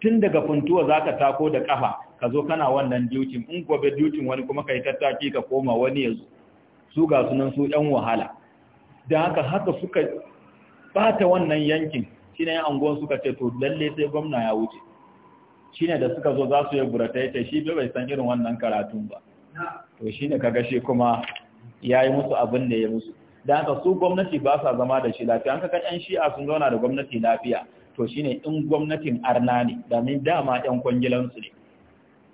tun daga funtuwa zaka tako da kafa ka zo kana wannan duty in gobe duty wani kuma kai tattaki ka koma wani yanzu su ga sunan su yan wahala da haka haka suka bata wannan yankin shi ne anguwan suka ce to lalle sai gwamna ya wuce ne da suka zo za su yi burata ya shi bai san irin wannan karatun ba to shi ne kaga shi kuma ya yi musu abin da ya musu da haka su gwamnati ba sa zama da shi lafiya an kaga yan shi'a sun zauna da gwamnati lafiya to shi ne in gwamnatin arna ne domin dama yan kwangilansu ne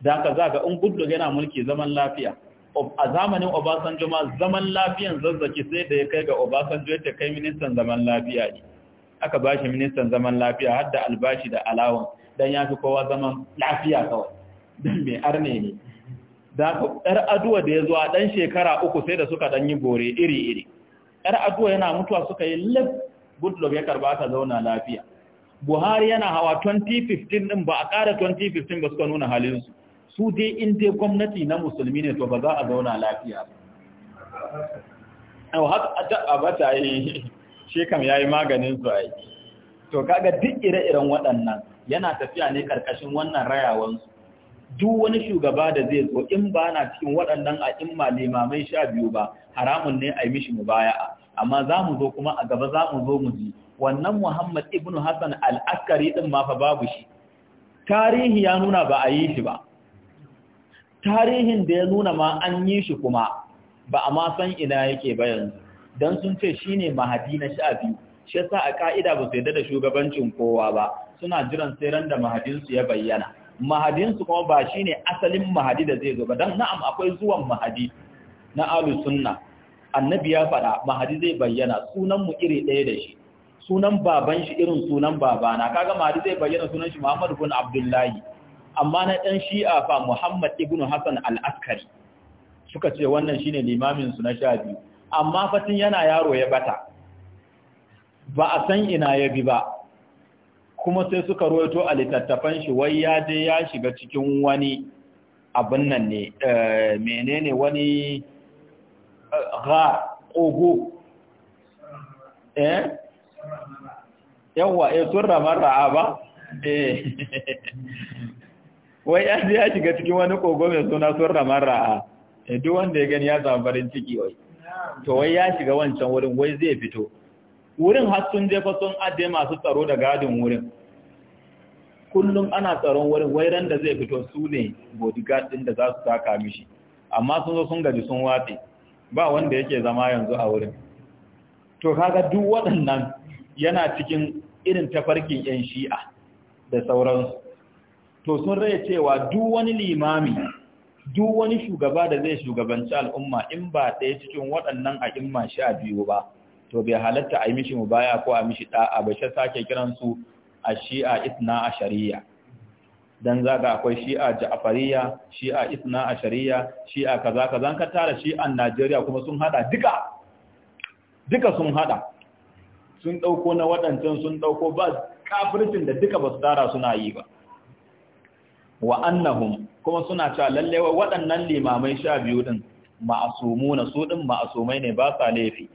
da haka za ga in gudu yana mulki zaman lafiya a zamanin Obasanjo ma zaman lafiyan zazzaki sai da ya kai ga Obasanjo ta kai ministan zaman lafiya ne. Aka ba shi ministan zaman lafiya har da albashi da alawan don ya fi kowa zaman lafiya kawai, don mai arne ne. Da ‘yar aduwa da ya zuwa ɗan shekara uku sai da suka ɗan yi gore iri-iri. ‘Yar aduwa yana mutuwa suka yi lif, Goodluck ya karba aka zauna lafiya. Buhari yana hawa 2015 ɗin ba a ƙara 2015 ba suka nuna halinsu. su dai in dai gwamnati na musulmi ne to ba za a zauna lafiya ba a bata yi <laughs> shekam ya yi maganin su ai to kaga duk ire-iren waɗannan yana tafiya ne ƙarƙashin wannan rayawansu duk wani shugaba da zai zo in ba na cikin waɗannan a in ma limamai sha biyu ba haramun ne a yi mishi mu a amma za mu zo kuma a gaba za mu zo mu ji wannan Muhammad ibn Hassan al-Askari ɗin ma fa babu shi tarihi ya nuna ba a yi shi ba tarihin da ya nuna ma an yi shi kuma ba a ma san ina yake ba yanzu don sun ce shi ne mahadi na sha biyu shi yasa a ka'ida ba su yadda da shugabancin kowa ba suna jiran sai ran da mahadinsu ya bayyana mahadinsu kuma ba shi ne asalin mahadi da zai zo ba don na'am akwai zuwan mahadi na alu sunna annabi ya faɗa mahadi zai bayyana sunan mu iri ɗaya da shi sunan baban shi irin sunan babana kaga mahadi zai bayyana sunan shi muhammadu bin abdullahi amma na ɗan shi'a fa Muhammad ibn Hassan al-Askari suka ce wannan shine limamin su na sha biyu amma fatin yana yaro ya bata ba a san ina ya bi ba kuma sai suka roto a littattafan shi wai ya je ya shiga cikin wani abin nan ne eh, menene wani ga kogo eh, eh? yawa eh sun ramar ba eh <laughs> wai ya ya shiga cikin wani kogo mai suna sun ramar ra'a eh, duk wanda ya gani ya samu farin ciki wai to wai ya shiga wancan wurin wai zai fito wurin har sun je fa sun ajiye masu tsaro da gadin wurin kullum ana tsaron wurin wai ran da zai fito su ne bodyguard din da za su saka mishi amma sun zo sun gaji sun watse ba wanda yake zama yanzu a wurin to kaga duk waɗannan yana cikin irin tafarkin yan shi'a da sauransu to sun raya cewa duk wani limami duk wani shugaba da zai shugabanci al'umma in ba ɗaya cikin waɗannan a a'imma sha biyu ba to bai halatta a yi mishi baya ko a mishi ɗa'a ba shi sake kiransu a shi'a isna a shari'a don ka akwai shi'a ja'afariya shi'a isna a shari'a shi'a kaza kaza ka tara shi'an najeriya kuma sun hada duka duka sun hada sun ɗauko na waɗancan sun ɗauko ba kafircin da duka ba su tara suna yi ba wa annahum kuma suna cewa lalle waɗannan limamai sha biyu din na su din ma'asumai ne ba sa laifi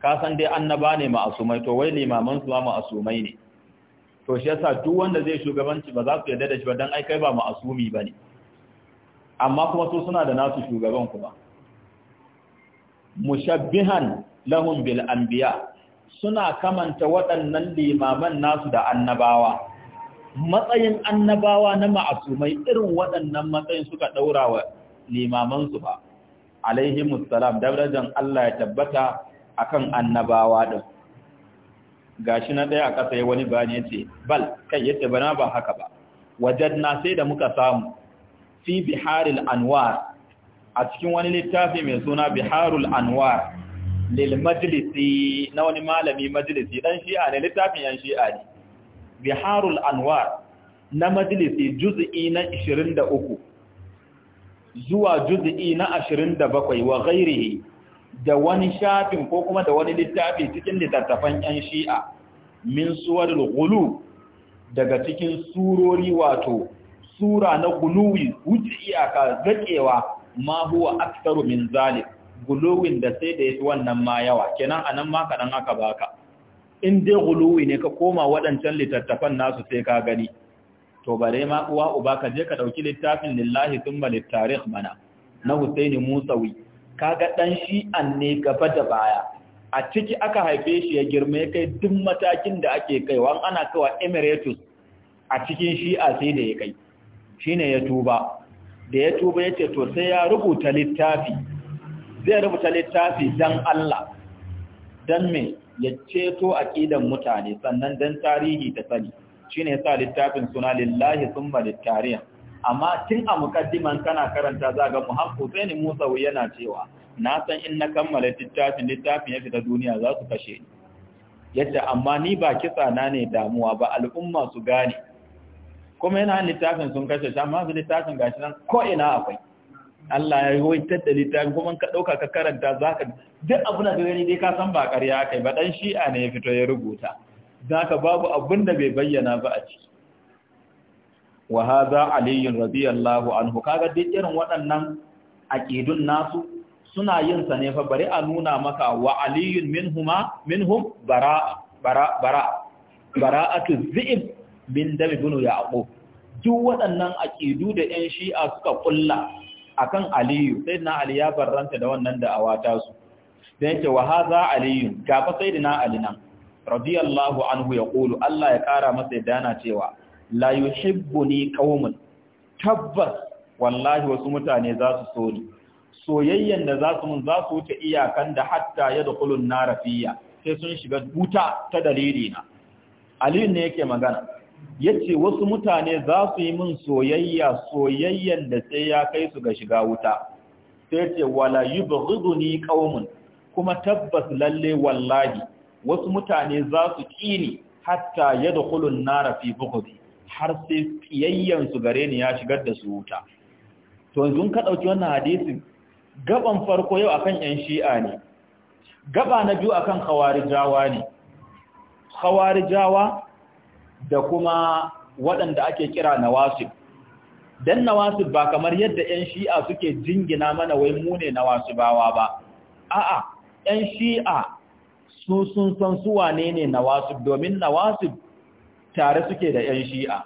ka san dai annaba ne ma'asumai to wai limaman su ma'asumai ne to shi yasa duk wanda zai shugabanci ba za su yarda da shi ba dan ai kai ba ma'asumi bane amma kuma su suna da nasu shugaban kuma mushabbihan lahum bil anbiya suna kamanta waɗannan limaman nasu da annabawa matsayin annabawa na ma'asumai irin waɗannan matsayin suka ɗaura wa limamansu ba alaihi musalam darajan Allah ya tabbata akan annabawa din gashi na ɗaya a ƙasa ya wani bane ya ce bal kai yace bana ba haka ba wajadna sai da muka samu fi biharil anwar a cikin wani littafi mai suna biharul anwar lil majlisi na wani malami majlisi dan shi'a ne littafin yan shi'a ne biharul anwar na majalisi juz'i na 23 zuwa juz'i na 27 wa ghairihi da wani shafin ko kuma da wani littafi cikin littattafan yan shi'a min suwarul ghulu daga cikin surori wato sura na guluwi wuce iyaka zakewa ma huwa aktaru min zalik guluwin da sai da yafi wannan ma yawa kenan anan ma kadan aka baka in dai guluwi ne ka koma waɗancan littattafan nasu sai ka gani to bare ma uwa uba ka je ka ɗauki littafin lillahi thumma littarikh mana na Husaini Musawi ga ɗan shi an ne gaba da baya a ciki aka haife shi ya girme kai duk matakin da ake kaiwa ana kawa Emiratus a cikin shi'a sai da ya kai shine ya tuba da ya tuba yace to sai ya rubuta littafi zai rubuta littafi dan Allah dan me ya ceto aqidan mutane sannan dan tarihi ta sani shine yasa littafin suna lillahi thumma littarih amma tun a mukaddiman kana karanta za ga sai Hussein Musa yana cewa na san in na kammala littafin littafin ya fita duniya za su kashe ni yadda amma ni ba kisa na ne damuwa ba al'umma su gane kuma yana littafin sun kashe shi amma su littafin gashi nan ko ina akwai Allah ya waitar da littafin kuma ka ɗauka ka karanta za ka duk abin da gani dai ka san ba ƙarya kai ba ɗan shi'a ne ya fito ya rubuta za ka babu abin da bai bayyana ba a ciki wa haza aliyun radiyallahu anhu kaga duk irin waɗannan aƙidun nasu suna yin sa ne fa bari a nuna maka wa aliyun minhuma minhum bara bara bara bara'atu min dami bunu yaqub duk waɗannan aqidu da 'yan shi'a suka kulla akan aliyu sai na ali ya barranta da wannan da awata su da yake wa haza aliyu gafa sai na ali nan radiyallahu anhu ya kulu Allah ya kara masa yadda yana cewa la yuhibbuni qaumun tabbas wallahi wasu mutane za su so ni soyayyen da za su mun za su wuce iyakan da hatta yadkhulun narafiya sai sun shiga buta ta dalilina aliyu ne yake magana yace wasu mutane za su yi min soyayya soyayyan da sai ya kai su ga shiga wuta sai ce wala yubghiduni qaumun kuma tabbas lalle wallahi wasu mutane za su kini hatta yadkhulun nar fi bughdi har sai kiyayyan su gare ni ya shigar da su wuta to yanzu ka dauki wannan hadisin gaban farko yau akan yan shi'a ne gaba na biyu akan khawarijawa ne khawarijawa da kuma waɗanda ake kira nawasib dan nawasib ba kamar yadda 'yan shi'a suke jingina mana wai mu ne nawasibawa ba a'a 'yan shi'a su sun san su ne ne nawasib domin nawasib tare suke da 'yan shi'a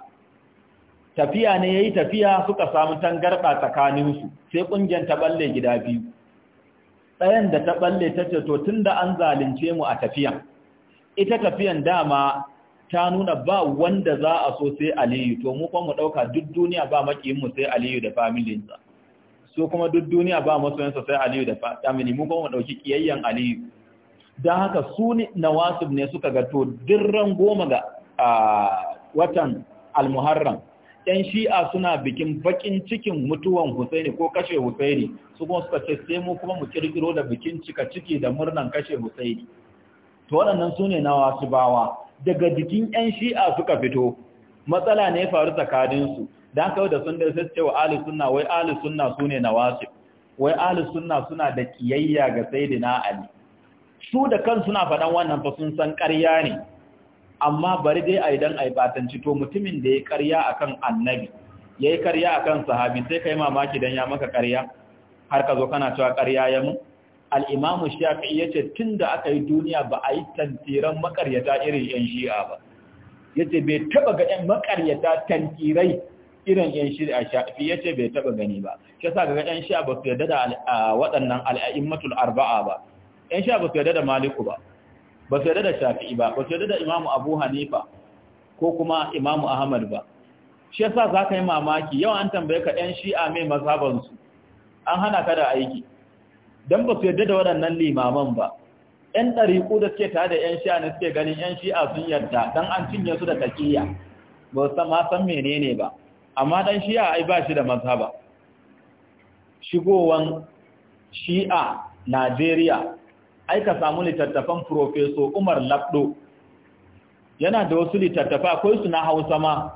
tafiya ne ya yi tafiya suka samu tangarɗa tsakaninsu sai ƙungiyar ta ɓalle gida biyu ɗayan da ta ɓalle ta ce to tun da an zalunce mu a tafiyan ita tafiyan dama ta nuna ba wanda za a so sai aliyu to mu kuma mu ɗauka duk duniya ba mu sai aliyu da familinsa so kuma duk duniya ba masoyansa sai aliyu da family mu kuma mu ɗauki ƙiyayyen aliyu don haka su nawasib ne suka ga to dirran goma ga watan almuharram ‘yan shi'a suna bikin bakin cikin mutuwan Husaini ko kashe Husaini su kuma suka ce sai mu kuma mu kirkiro da bikin cika ciki da murnan kashe Husaini to waɗannan su ne nawasibawa daga jikin 'yan shi'a suka fito matsala ne ya faru tsakaninsu don kawai da sun da sai cewa ahli suna wai ahli suna su ne wasu wai ahli suna suna da kiyayya ga na ali su da kan suna faɗan wannan fa sun san ƙarya ne amma bari dai a idan yi batanci to mutumin da ya ƙarya a kan annabi ya yi ƙarya a kan sahabi sai ka yi mamaki don ya maka ƙarya har ka zo kana cewa ƙarya ya mu al'imamu shafi'i ya ce tun da aka yi duniya ba a yi tantiran makaryata irin ‘yan shi'a ba ya ce bai taba ga ‘yan makaryata tantirai irin ‘yan shi'a shafi'i ya ce bai taba gani ba shi sa ga ‘yan shi'a ba su yarda da waɗannan al'a'immatul arba'a ba ‘yan shi'a ba su yarda da maliku ba ba su yarda da shafi'i ba ba su yarda da imamu abu hanifa ko kuma imamu ahmad ba shi sa za ka yi mamaki yawan an tambaye ka ‘yan shi'a mai mazhabansu an hana ka da aiki don ba su yarda da waɗannan limaman ba ‘yan ɗariƙu da suke tare da ‘yan shi'a ne suke ganin ‘yan shi'a sun yarda don an cinye su da taƙiyya ba su ma san menene ba amma ɗan shi'a ai ba shi da mazhaba shigowan shi'a najeriya ai ka samu littattafan furofeso umar labdo yana da wasu littattafa akwai su na hausa ma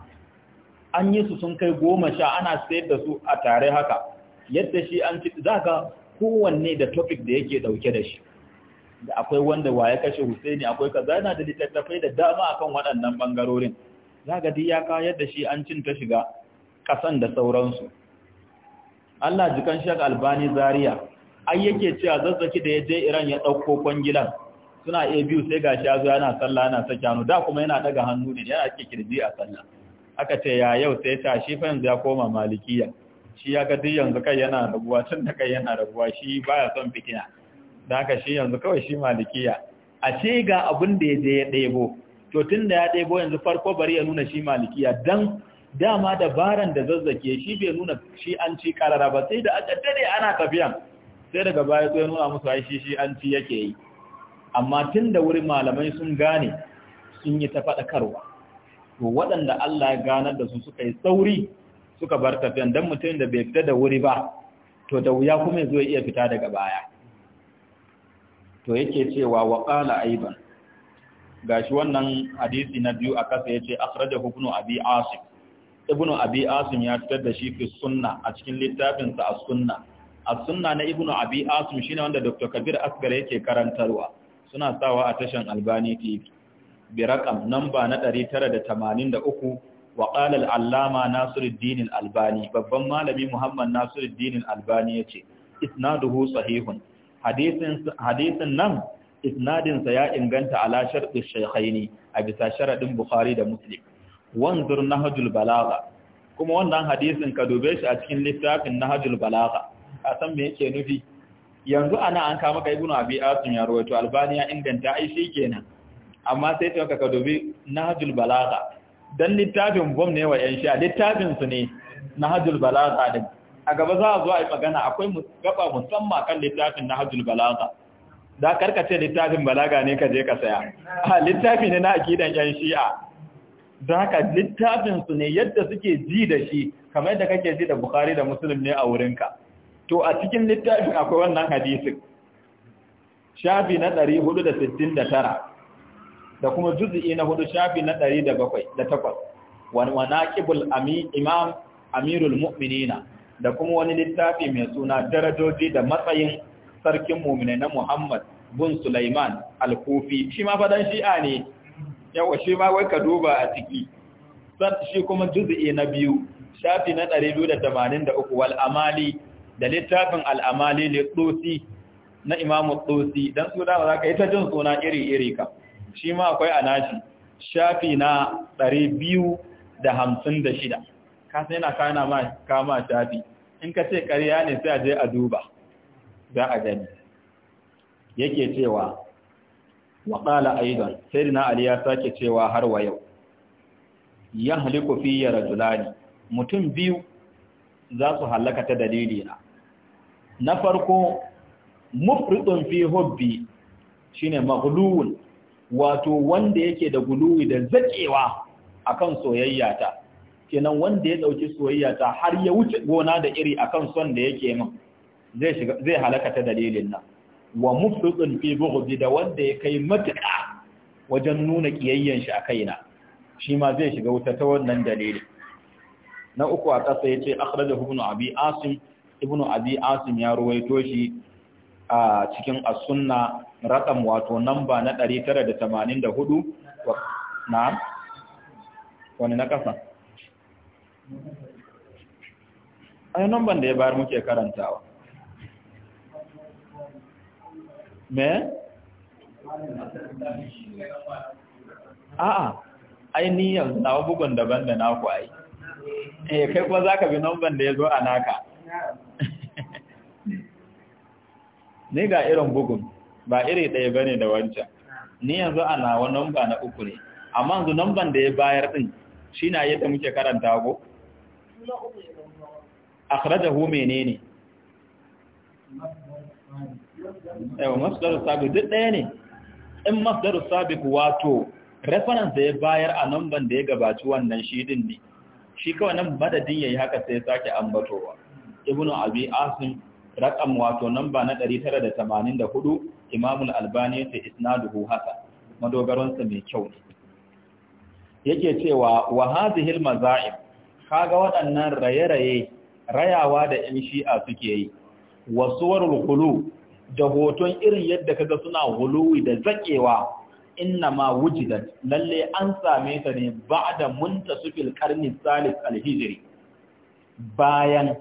an yi su sun kai goma sha ana sayar da su a tare haka yadda shi an ci za ka kowanne da topic da yake dauke da shi da akwai wanda wa ya kashe Husaini akwai kaza yana da littattafai da dama akan waɗannan bangarorin zaka dai ya ka yadda shi an cin ta shiga kasan da sauransu Allah jikan Sheikh Albani Zaria ai yake cewa zazzaki da ya je Iran ya dauko kwangilan suna a biyu sai gashi azu yana sallah yana sake hannu da kuma yana daga hannu ne yana ake kirji a sallah aka ce ya yau sai ta shi fa yanzu ya koma malikiyya shi ya ga duk yanzu kai yana rabuwa tun da kai yana rabuwa shi baya son fitina da haka shi yanzu kawai shi malikiya a ce ga abin da ya je ya ɗebo to tun da ya ɗebo yanzu farko bari ya nuna shi malikiya dan dama dabaran da zazzake shi bai nuna shi an ci karara ba sai da aka dade ana tafiya. sai daga baya sai nuna musu ai shi shi an ci yake yi amma tun da wuri malamai sun gane sun yi ta faɗakarwa to waɗanda Allah ya ganar da su suka yi sauri suka bar tafiyan dan mutum da bai fita da wuri ba to da wuya kuma zo iya fita daga baya to yake cewa wa qala aiban gashi wannan hadisi na biyu a kasa yace akhraja ibn abi asim ibn abi asim ya fitar da shi fi sunna a cikin littafin sa as-sunna as-sunna na ibn abi asim shine wanda dr kabir asgar yake karantarwa suna sawa a tashan albani tv bi raqam namba na 983 wa qala al-allama Nasiruddin al-Albani babban malami Muhammad Nasiruddin al-Albani yace isnaduhu sahihun hadisin hadisin nan Isnadinsa ya inganta ala shartu shaykhaini a bisa sharaɗin Bukhari da Muslim wanzur nahjul balagha kuma wannan hadisin ka dube shi a cikin littafin nahjul balagha a san me yake nufi yanzu ana an kama ka ibnu abi asim ya rawaito albani ya inganta aishi kenan amma sai ta ka dubi nahajul balaga don littafin bom ne wa ‘yan sha littafinsu ne na hajjul balaza din a gaba za a zo a yi magana akwai gaba musamman kan littafin na hajjul balaza za karkace littafin balaga ne ka je ka saya a littafi ne na akidan ‘yan shi'a da haka littafinsu ne yadda suke ji da shi kamar yadda kake ji da Bukhari da Muslim ne a wurinka to a cikin littafin akwai wannan hadisin shafi na tara. da kuma juz'i na hudu shafi na 107 da 8 wa naqibul imam amirul mu'minina da kuma wani littafi mai suna darajoji da matsayin sarkin mu'minai na Muhammad bin Sulaiman al-Kufi shi ma fadan shi'a ne yawa shi ma wai ka duba a ciki shi kuma juz'i na biyu shafi na 283 wal amali da littafin al amali li na imamu tsosi dan suna za ka yi ta jin suna iri-iri ka shi ma akwai a shafi na ɗari biyu da hamsin da shida kasan yana kana ma kama shafi in ka ce ƙarya ne sai a je a duba za a gani yake cewa wa yi aidan sai dina ali ya sake cewa har wa yau ya haliku rajulani mutum biyu za su hallaka ta dalili na na farko mufridun fi hobbi shine maghlul wato wanda yake da guluwi da zakewa akan soyayya ta kenan wanda ya dauki soyayya ta har ya wuce gona da iri akan son da yake min zai shiga zai halaka ta dalilin nan wa mufsidun fi bughdi da wanda ya kai matuƙa wajen nuna kiyayyen shi a kaina shi ma zai shiga wuta ta wannan dalilin na uku a ƙasa yace akhraja ibn abi asim ibn abi asim ya ruwaito shi a cikin as-sunna rakam wato namba na ɗari tara da da tamanin hudu na wani na kasa ai namban da ya bayar muke karantawa me a'a ai ni yanzu nawa bugun daban da naku ai eh kai kuma ka bi namban da ya zo a naka <laughs> Ni ga irin bugun ba iri ɗaya ba ne da wancan ni yanzu ana wa namba na uku ne amma yanzu namban da ya bayar ɗin shi na yadda muke karanta ko? akhrajahu menene yau masdarus sabiq duk ɗaya ne in masu sabiq wato referens da ya bayar a namban da ya gabaci wannan shi din ne shi kawai nan madadin ya yi haka sai ya sake ambatowa Ibn abi asim raƙam wato namba na 984 imamul albani ya ce isnaduhu haka madogaransa mai kyau yake cewa wa hadhihi mazaib kaga waɗannan raye-raye rayawa da yan shi'a suke yi wa suwarul da hoton irin yadda kaga suna huluwi da zakewa inna ma wujidat lalle an same ta ne ba'da muntasifil qarni salis alhijri bayan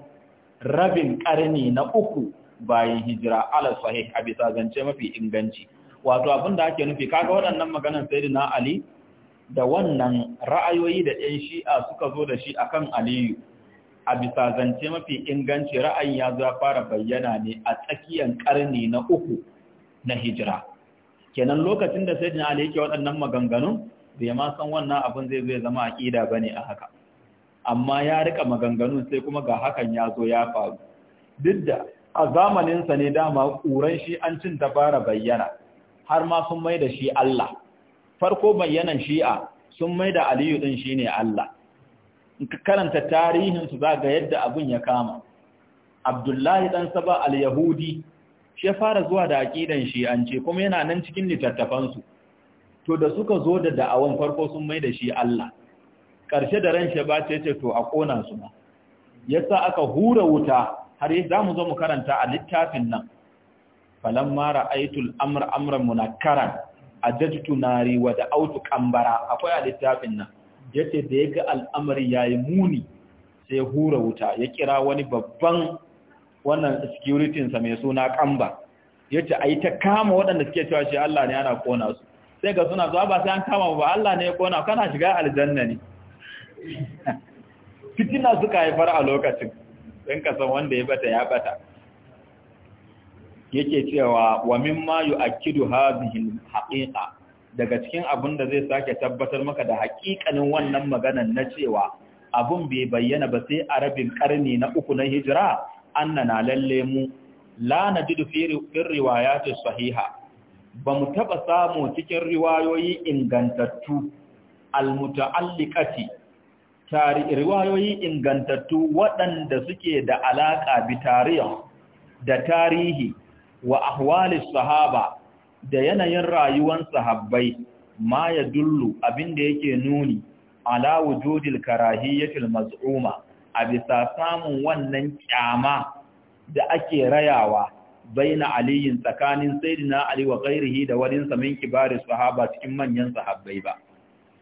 rabin ƙarni na uku bayan hijira ala sahih a bisa zance mafi inganci wato abin da ake nufi kaga waɗannan maganan na ali da wannan ra'ayoyi da ɗan shi'a suka zo da shi akan aliyu a bisa zance mafi inganci ra'ayin ya zo ya fara bayyana ne a tsakiyar ƙarni na uku na hijira kenan lokacin da na ali yake waɗannan maganganun bai ma san wannan abin zai zo ya zama aƙida ne a haka amma ya rika maganganun sai kuma ga hakan ya zo ya faru duk da a zamaninsa ne dama ƙuran shi an cin ta fara bayyana har ma sun mai da shi Allah farko bayyanan shi'a sun mai da aliyu ɗin shi ne Allah karanta tarihinsu za ga yadda abin ya kama abdullahi ɗan saba al-yahudi shi ya fara zuwa da aƙidan shi'ance kuma yana nan cikin littattafansu to da suka zo da da'awan farko sun mai da shi Allah ƙarshe da ran shi ba ce ce to a kona su ma yasa aka hura wuta har za mu zo mu karanta a littafin nan falamma ra'aytul amra amran munakkaran ajajtu nari wa Autu qambara akwai a littafin nan yace da ga al'amari yayi muni sai hura wuta ya kira wani babban wannan security sa mai suna kamba yace ai ta kama waɗanda suke cewa shi Allah ne yana kona su sai ga suna zuwa ba sai an kama ba Allah ne ya kona kana shiga aljanna ne <laughs> fitina suka haifar a lokacin don ka san wanda ya bata ya bata yake cewa wa mimma yu'akkidu hadhihi haqiqa daga cikin abun da zai sake tabbatar maka da haƙiƙanin wannan maganar na cewa abun bai bayyana ba sai a rabin karni na uku na hijira annana lalle mu la najidu fi riwayatis sahiha ba mu taba samu cikin riwayoyi ingantattu al-muta'alliqati tari riwayoyi ingantattu waɗanda suke da alaƙa bi da tarihi wa ahwalis sahaba da yanayin rayuwan sahabbai ma ya dullu abinda yake nuni ala wujudil karahiyatil maz'uma a bisa samun wannan kyama da ake rayawa baina aliyin tsakanin sayyidina ali wa ghairihi da wadin samin kibari sahaba cikin manyan sahabbai ba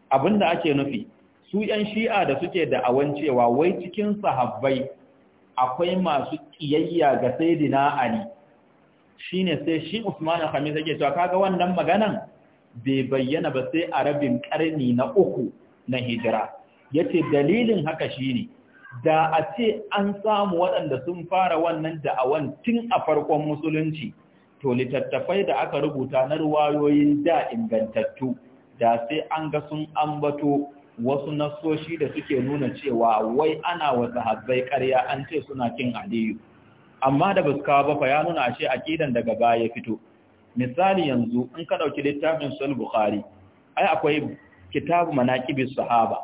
abinda ake nufi su ‘yan shi'a da suke da awan cewa wai cikin sahabbai akwai masu ƙiyayya ga Saidina Ali shi ne sai shi Usman Hamis yake cewa kaga wannan maganan bai bayyana ba sai a rabin ƙarni na uku na hijira yace dalilin haka shine da a ce an samu waɗanda sun fara wannan da'awan tun a farkon musulunci to littattafai da aka rubuta na ruwayoyin da ingantattu da sai an ga sun ambato wasu nasoshi da suke nuna cewa wai ana wasu sahabbai ƙarya an ce suna kin aliyu amma da basu kawo ba fa ya nuna ashe aqidan daga baya ya fito misali yanzu in ka dauki littafin sahih bukhari ai akwai kitabu manaqib sahaba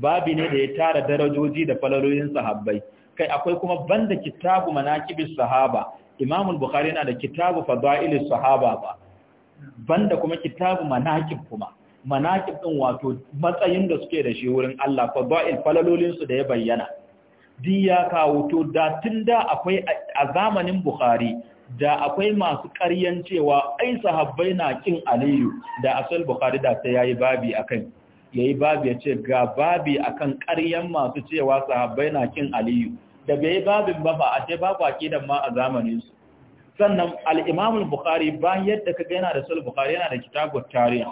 babi ne da ya tara darajoji da falalolin sahabbai kai akwai kuma banda kitabu manaqib sahaba imam bukhari yana da kitabu fadailis sahaba ba banda kuma kitabu manaqib kuma manaqib din wato matsayin da suke da shi wurin Allah fadail falalolin su da ya bayyana di ya kawo to da tunda akwai a zamanin Bukhari da akwai masu ƙaryan cewa ai sahabbai na kin Aliyu da asal Bukhari da sai yayi babi akan yayi babi ya ce ga babi akan ƙaryan masu cewa sahabbai na kin Aliyu da bai babin ba ba a ce babu aqidan ma a zamanin su sannan al Bukhari bayan yadda ka yana da sul Bukhari yana da kitabu tarihi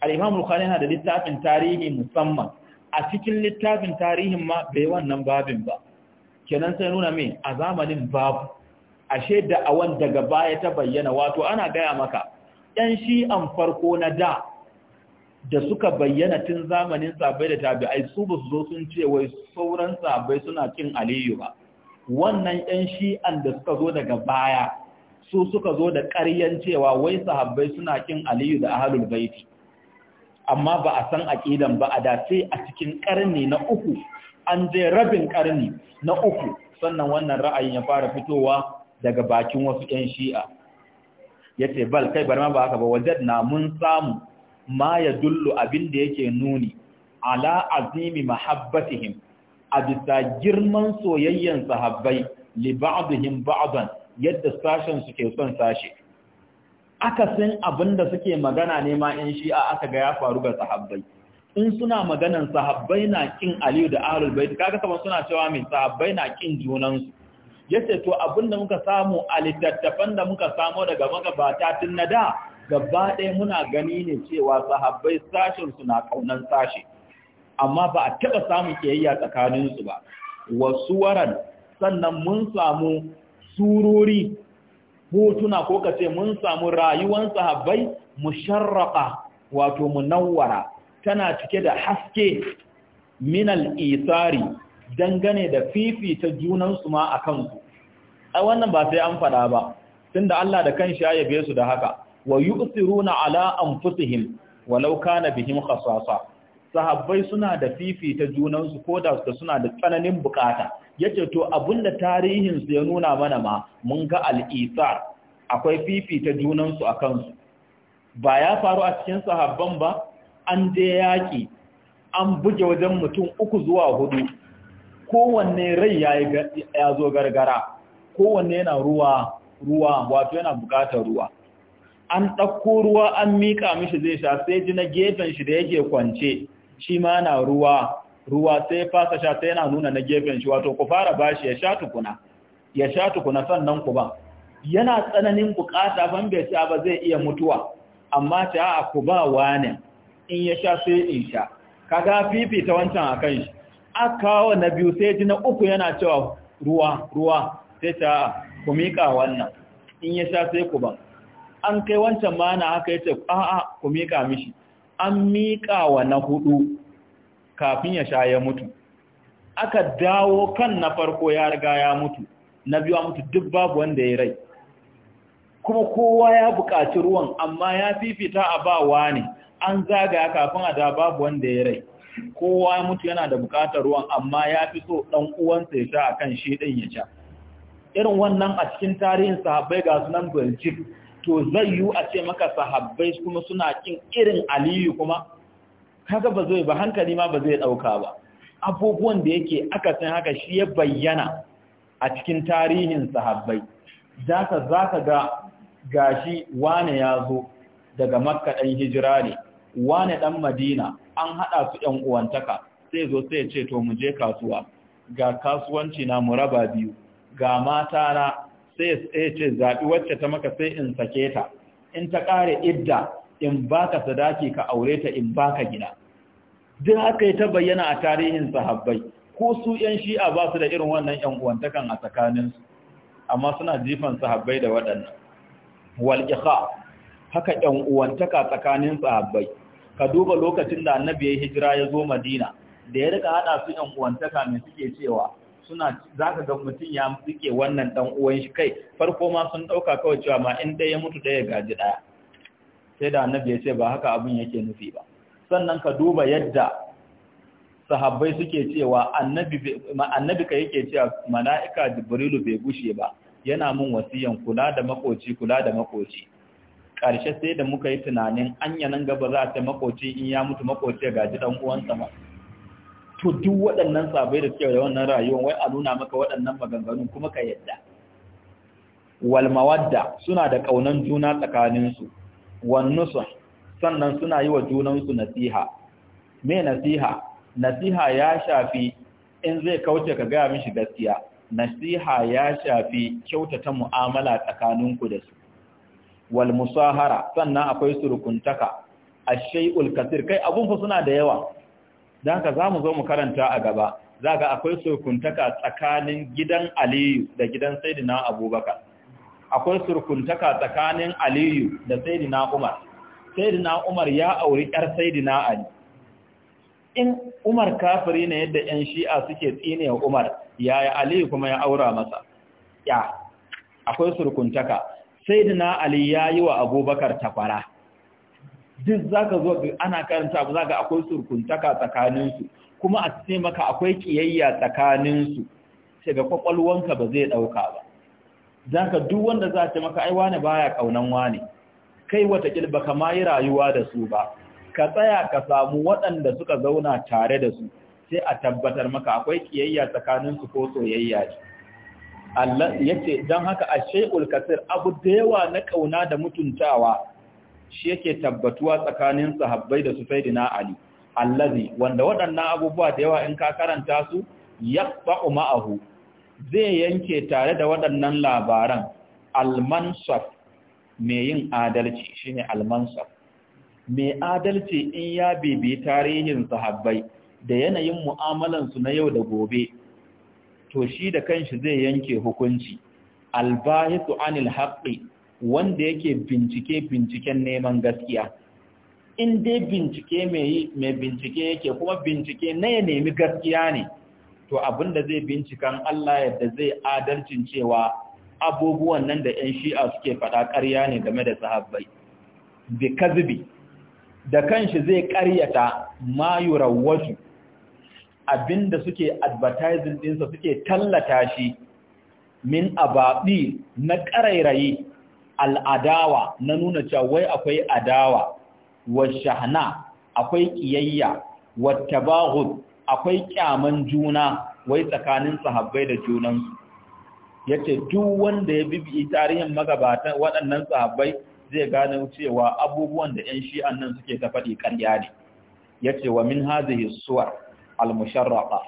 al-imam bukhari yana da littafin tarihi musamman a cikin littafin tarihin ma bai wannan babin ba kenan sai nuna mai a zamanin babu ashe da awan daga baya ta bayyana wato ana gaya maka 'yan shi'an farko na da da suka bayyana tun zamanin sabai da tabi'ai su ba su zo sun ce wai sauran sabai suna kin aliyu ba wannan ɗan shi'an da suka zo daga baya su suka zo da ƙaryan cewa wai sahabbai suna kin aliyu da ahalul baiti amma ba a san aƙidan ba a da sai a cikin ƙarni na uku an je rabin ƙarni na uku sannan wannan ra'ayin ya fara fitowa daga bakin wasu 'yan shi'a ya ce bal kai bar ma ba haka ba wajen na mun samu ma ya dullu abin da yake nuni ala azimi mahabbatihim a bisa girman soyayyen sahabbai li ba'dihim ba'dan yadda sashen su ke son sashe aka akasin abin da suke magana nema ma in shi'a aka ga ya faru ga sahabbai in suna maganan sahabbai na kin aliyu da ahlul bait kaga kamar suna cewa mai sahabbai na kin junansu yace to abin da muka samu a littattafan da muka samu daga magabata tun na da gaba ɗaya muna gani ne cewa sahabbai sashin su na kaunan sashi amma ba a taɓa samun kiyayya tsakanin su ba wasu waran sannan mun samu sururi. hutuna ko kace mun samu rayuwan sahabbai musharraqa wato munawwara tana cike da haske min al-isari dangane da fifita junan su ma akan su ai wannan ba sai an fada ba tunda Allah da kanshi ya yabe su da haka wa yusiruna ala anfusihim walau kana bihim khasasa sahabbai suna da fifita junansu ko da suna da tsananin bukata yace to abinda tarihin su ya nuna mana ma mun ga al-isar akwai fifita junansu akan su ba ya faru a cikin sahabban ba an je yaki an buge wajen mutum uku zuwa hudu kowanne rai ya zo gargara kowanne yana ruwa ruwa wato yana bukatar ruwa an ɗauko ruwa an miƙa mishi zai sha sai ji na gefen shi da yake kwance shi ma na ruwa ruwa sai fasa sha sai yana nuna na gefen shi wato ku fara bashi ya sha tukuna ya sha tukuna sannan ku ba yana tsananin bukata ban bai sha ba zai iya mutuwa amma ta a ku ba ne? in ya sha sai in sha kaga ta wancan akan shi Akawa na biyu sai ji na uku yana cewa ruwa ruwa sai ta ku mika wannan in ya sha sai ku ba an kai wancan ma na haka yace a a ku mika mishi an miƙa wa na hudu kafin ya sha ya mutu aka dawo kan na farko ya riga ya mutu na biyu mutu duk babu wanda ya rai kuma kowa ya buƙaci ruwan amma ya fifita a bawa ne an zagaya kafin a da babu wanda ya rai kowa ya mutu yana da buƙatar ruwan amma ya fi so ɗan uwansa ya sha a kan shi ɗin ya sha irin wannan a cikin tarihin sahabbai ga sunan Belgium to zai yi a ce maka sahabbai kuma suna kin irin aliyu kuma kaga ba zai ba hankali ma ba zai dauka ba abubuwan da yake aka san haka shi ya bayyana a cikin tarihin sahabbai zaka zaka ga gashi wane ya zo daga makka dan hijira ne wane dan madina an hada su ɗan uwantaka sai zo sai ce to mu je kasuwa ga kasuwanci na mu raba biyu ga mata na sai ya ce zaɓi wacce ta maka sai in sake ta in ta ƙare idda in ba ka sadaki ka aure ta in ba ka gida duk haka ya ta bayyana a tarihin sahabbai ko su ‘yan shi'a ba su da irin wannan ‘yan uwantakan a tsakaninsu amma suna jifan sahabbai da waɗannan walƙiƙa haka ‘yan uwantaka tsakanin sahabbai ka duba lokacin da annabi ya hijira ya zo madina da ya rika haɗa su ‘yan uwantaka mai suke cewa suna za ka ga mutum ya rike wannan dan uwan shi kai farko ma sun dauka kawai cewa ma in dai ya mutu ya gaji daya sai da annabi ya ce ba haka abin yake nufi ba sannan ka duba yadda sahabbai suke cewa annabi annabi ka yake cewa mala'ika jibrilu bai gushe ba yana mun wasiyan kula da makoci kula da makoci karshe sai da muka yi tunanin anya nan gaba za ta makoci in ya mutu makoci ya gaji dan uwansa ba to duk waɗannan sabai da suke da wannan rayuwar wai a nuna maka waɗannan maganganun kuma ka yadda Walmawadda suna da ƙaunan juna tsakaninsu Wannan su sannan suna yi wa junansu nasiha me nasiha nasiha ya shafi in zai kauce ka gaya mishi gaskiya nasiha ya shafi kyautata mu'amala tsakaninku da su Walmusahara sannan akwai surukuntaka ashay'ul kasir kai abun fa suna da yawa don ka za mu zo mu karanta a gaba za ga akwai surkuntaka tsakanin gidan aliyu da gidan saidina abubakar akwai surkuntaka tsakanin aliyu da saidina umar saidina umar ya auri 'yar saidina ali in umar kafiri ne yadda 'yan shi'a suke tsine umar yaya aliyu kuma ya aura masa ya akwai surkuntaka saidina ali ya yi wa abubakar takwara duk ka zo ana karanta abu ga akwai surkuntaka tsakaninsu, kuma a ce maka akwai kiyayya tsakaninsu. sai ga kwakwalwanka ba zai ɗauka ba zaka duk wanda za ta maka ai wani baya ƙaunan wani kai wata ka ma yi rayuwa da su ba ka tsaya ka samu waɗanda suka zauna tare da su sai a tabbatar maka akwai kiyayya tsakaninsu ko soyayya ce Allah yace dan haka a shay'ul kasir abu da yawa na ƙauna da mutuntawa shi yake tabbatuwa tsakanin sahabbai da na ali allazi wanda waɗannan abubuwa da yawa in ka karanta su yaqta'u ma'ahu zai yanke tare da waɗannan labaran almansaf mai yin adalci shine almansaf mai adalci in ya bibi tarihin sahabbai da yanayin mu'amalansu na yau da gobe to shi da kanshi zai yanke hukunci albahitu anil haqqi wanda yake bincike binciken neman gaskiya in dai bincike mai bincike yake kuma bincike na ya nemi gaskiya ne to abin da zai bincikan Allah yadda zai adalcin cewa abubuwan nan da 'yan shi'a suke faɗa ƙarya ne game da sahabbai bi Kazibi da kanshi zai ƙaryata mayurar wasu abinda suke advertising ɗinsa suke tallata shi min ababi na ƙarairayi al'adawa na nuna cewa wai akwai adawa wa shahna akwai ƙiyayya, wa tabaghud akwai ƙyaman juna wai tsakanin sahabbai da junansu yace duk wanda ya bi tarihin magabatan waɗannan sahabbai zai gane cewa abubuwan da yan shi'an nan suke ta faɗi ƙarya ne yace wa min hadhihi suwar al-musharraqa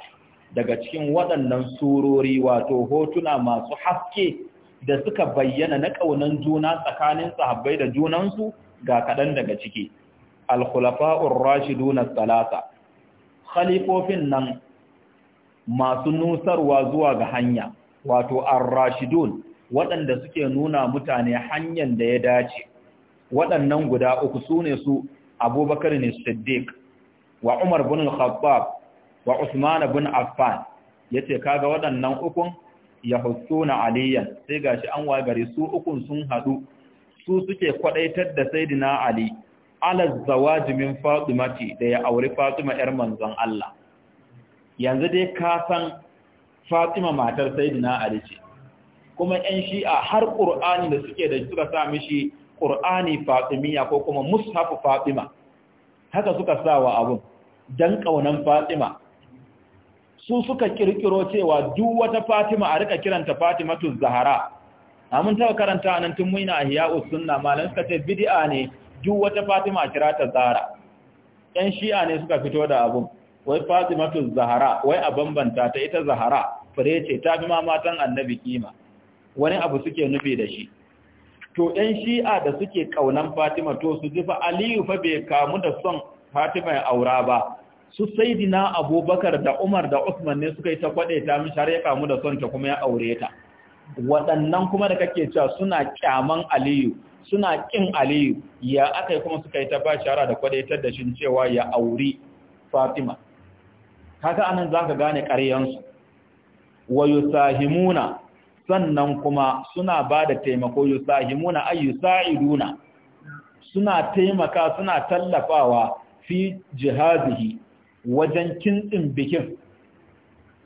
daga cikin waɗannan surori wato hotuna masu haske da suka bayyana na ƙaunan juna tsakanin sahabbai da junansu ga kaɗan daga ciki al-khulafa'ur rashiduna salasa khalifofin nan masu nusarwa zuwa ga hanya wato ar-rashidun waɗanda suke nuna mutane hanyar da ya dace waɗannan guda uku sune su Abubakar ne Siddiq wa Umar bin Al-Khattab wa Usman bin Affan yace kaga waɗannan ukun ya hussuna aliyan sai gashi an wagare su ukun sun hadu su suke kwadaitar da sayyidina ali ala zawaji min fatimati da ya aure fatima yar manzon Allah yanzu dai ka san fatima matar sayyidina ali ce kuma yan shi'a har qur'ani da suke da suka sa mishi qur'ani fatimiya ko kuma mushaf fatima haka suka sa wa abun dan kaunan fatima su suka kirkiro cewa duk wata fatima a rika kiranta tu zahara amun ta karanta nan tun muna ahya usunna malan suka ce bid'a ne duk wata fatima kira ta zahara ɗan shi'a ne suka fito da abun wai tu zahara wai a bambanta ta ita zahara fure ce ta fi ma matan annabi kima wani abu suke nufi da shi to ɗan shi'a da suke ƙaunan fatima to su ji aliyu fa bai kamu da son fatima ya aura ba su saidina abubakar da umar da usman ne suka yi ta kwade ta mun har ya kamu da son ta kuma ya aure ta waɗannan kuma da kake cewa suna kyaman aliyu suna kin aliyu ya aka yi kuma suka yi ta ba shara da ta da shi cewa ya auri fatima haka anan zaka ka gane ƙaryansu wa sannan kuma suna ba da taimako yusahimuna ay yusa'iduna suna taimaka suna tallafawa fi jihazihi wajen kintsin bikin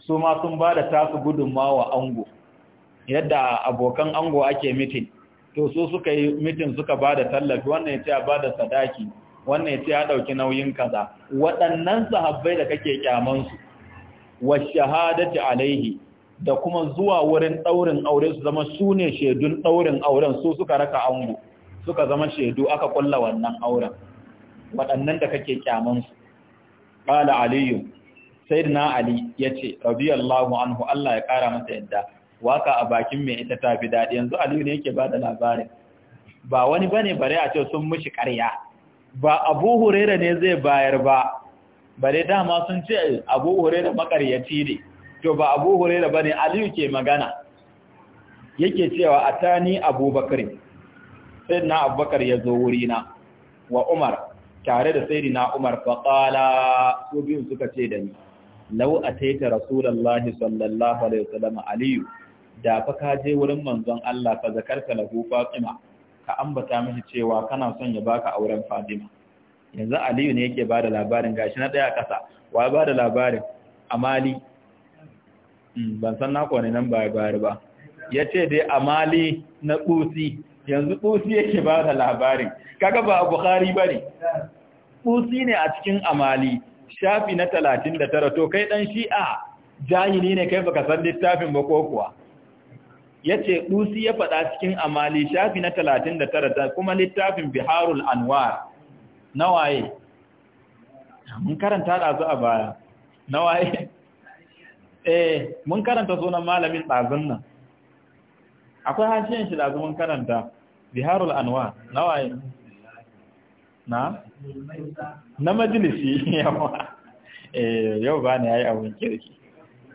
su ma sun ba da tasu gudunmawa ango yadda abokan ango ake mitin to su suka yi mitin suka ba da tallafi wannan ya ce a ba da sadaki wannan ya ce a ɗauki nauyin kaza waɗannan sahabbai da kake kyamansu wa shahadati alaihi da kuma zuwa wurin ɗaurin aure su zama su ne shaidun ɗaurin auren su suka raka ango suka zama shaidu aka kulla wannan auren waɗannan da kake kyamansu qala aliyu sayyidina ali yace radiyallahu anhu Allah ya kara masa yadda waka a bakin mai ita ta fi dadi yanzu aliyu ne yake bada labarin ba wani bane bare a ce sun mushi ƙarya ba abu huraira ne zai bayar ba bare dama sun ce abu huraira makaryaci ne to ba abu huraira bane aliyu ke magana yake cewa atani abubakar sayyidina abubakar ya zo wurina wa umar tare da sai na Umar faƙala su biyun suka ce da ni, lau a taita Rasulallah sallallahu Alaihi wasallam Aliyu, da fa ka je wurin manzon Allah fa ka lahu Fatima, ka ambata mishi cewa kana son ya baka auren Fatima. Yanzu Aliyu ne yake bada labarin gashi na ɗaya ƙasa, wa ba da labarin Amali, hmm, ban san nako ne nan ba ya bayar ba, ya ce dai Amali na ƙusi yanzu tsosi yake ba da labarin kaga ba a bukhari ba ne tsosi ne a cikin amali shafi na talatin da tara to kai ɗan shi'a jahili ne kai baka san littafin ba ko kuwa ya ce tsosi ya faɗa cikin amali shafi na talatin da tara kuma littafin biharul anwar nawaye mun karanta ɗazu a baya nawaye eh mun karanta sunan malamin ɗazun nan akwai hashiyan shi da azumin karanta biharul anwa nawaye na na majalisi <laughs> yawa eh yau ba ne yayi abun kirki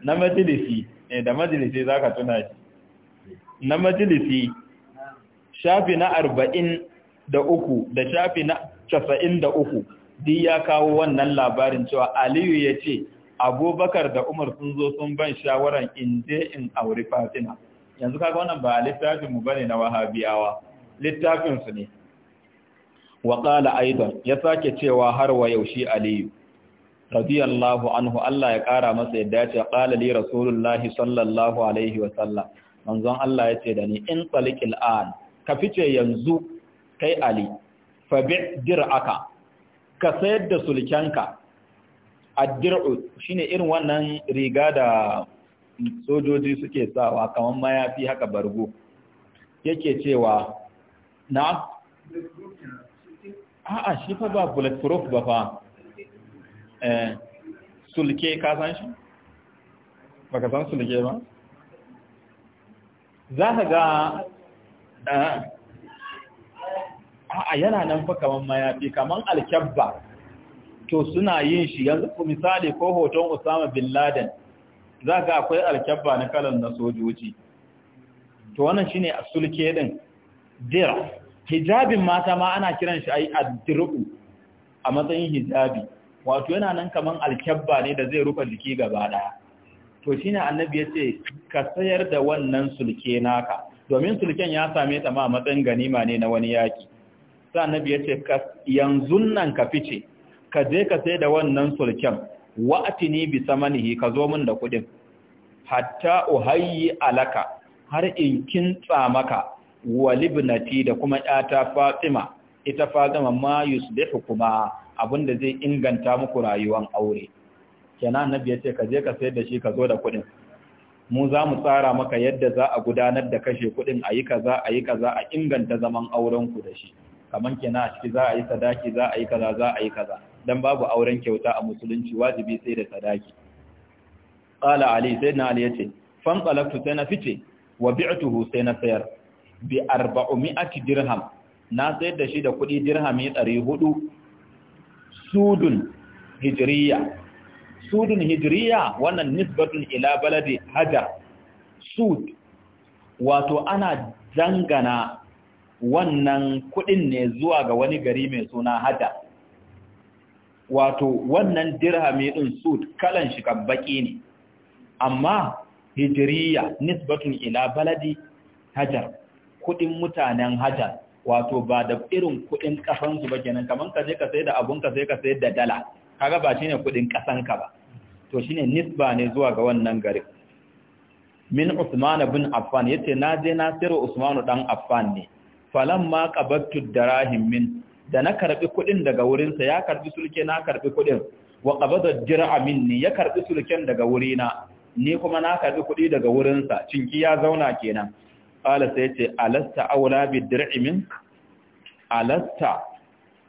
na majalisi eh da majalisi zaka tuna shi na majalisi shafi na arba'in da uku da shafi na casa'in da uku di ya kawo wannan labarin cewa aliyu ya ce abubakar da umar sun zo sun ban shawaran in in aure fatina yanzu kaga wannan ba littafin mu bane na wahabiyawa littafin su ne wa qala aidan ya sake cewa har wa yaushi aliyu radiyallahu anhu Allah ya kara masa yadda ce qala li rasulullahi sallallahu alaihi wa sallam manzon Allah yace da ni in taliqil an ka fice yanzu kai ali fa bi dir'aka ka sayar da sulkenka addir'u shine irin wannan riga da sojoji suke sawa kamar mayafi haka bargo yake cewa na a'a shi fa ba bulletproof ba fa eh sulke ka san shi baka san sulke ba za ka ga eh, a'a yana nan fa kaman mayafi kaman alkyabba to suna yin shi yanzu misali ko hoton Osama bin Laden za ga akwai alkyabba na kalan na sojoji to wannan ne a sulke din dira hijabin mata ma ana kiran shi yi addiru a matsayin hijabi wato yana nan kamar alkyabba ne da zai rufe jiki gaba ɗaya to ne annabi ya ce ka sayar da wannan sulke naka domin sulken ya same ta ma matsayin ganima ne na wani yaki sa annabi ya ce yanzu nan ka fice ka je ka sai da wannan sulken wa'atini bi samanihi ka zo min da kudin hatta uhayyi alaka har in kintsa maka walibnati da kuma yata Fatima ita Fatima ma yusbihu kuma abinda zai inganta muku rayuwar aure kenan annabi yace ka je ka sayar da shi ka zo da kudin mu za mu tsara maka yadda za a gudanar da kashe kudin ayi kaza ayi kaza a inganta zaman aurenku da shi kaman kenan a ciki za a yi sadaki za a yi kaza za a yi kaza dan babu auren kyauta a musulunci wajibi sai da sadaki qala ali na ali yace fan qalaftu sai na fice wa bi'tuhu sai na sayar bi 400 dirham na sayar da shi da kudi dirhami 400 sudun hijriya sudun hijriya wannan nisbatun ila baladi hajar sud wato ana dangana wannan kudin ne zuwa ga wani gari mai suna hajar wato wannan dirhami din sud kalan shi kan baki ne amma hijriya nisbatun ila baladi hajar kudin mutanen hajar wato ba da irin kudin kasan su ba kenan kaman ka je ka sayar da abun ka sai ka sayar da dala kaga ba shine kudin kasan ka ba to shine nisba ne zuwa ga wannan garin min Usman bin Affan yace na je na sirri Usman dan Affan ne falamma qabattu darahim min da na karbi kuɗin daga wurinsa ya karbi sulke na karbi kuɗin wa qabada jir'a minni ya karbi sulken daga wurina ni kuma na karbi kuɗi daga wurinsa cinki ya zauna kenan qala sai yace alasta aula bi dir'i min alasta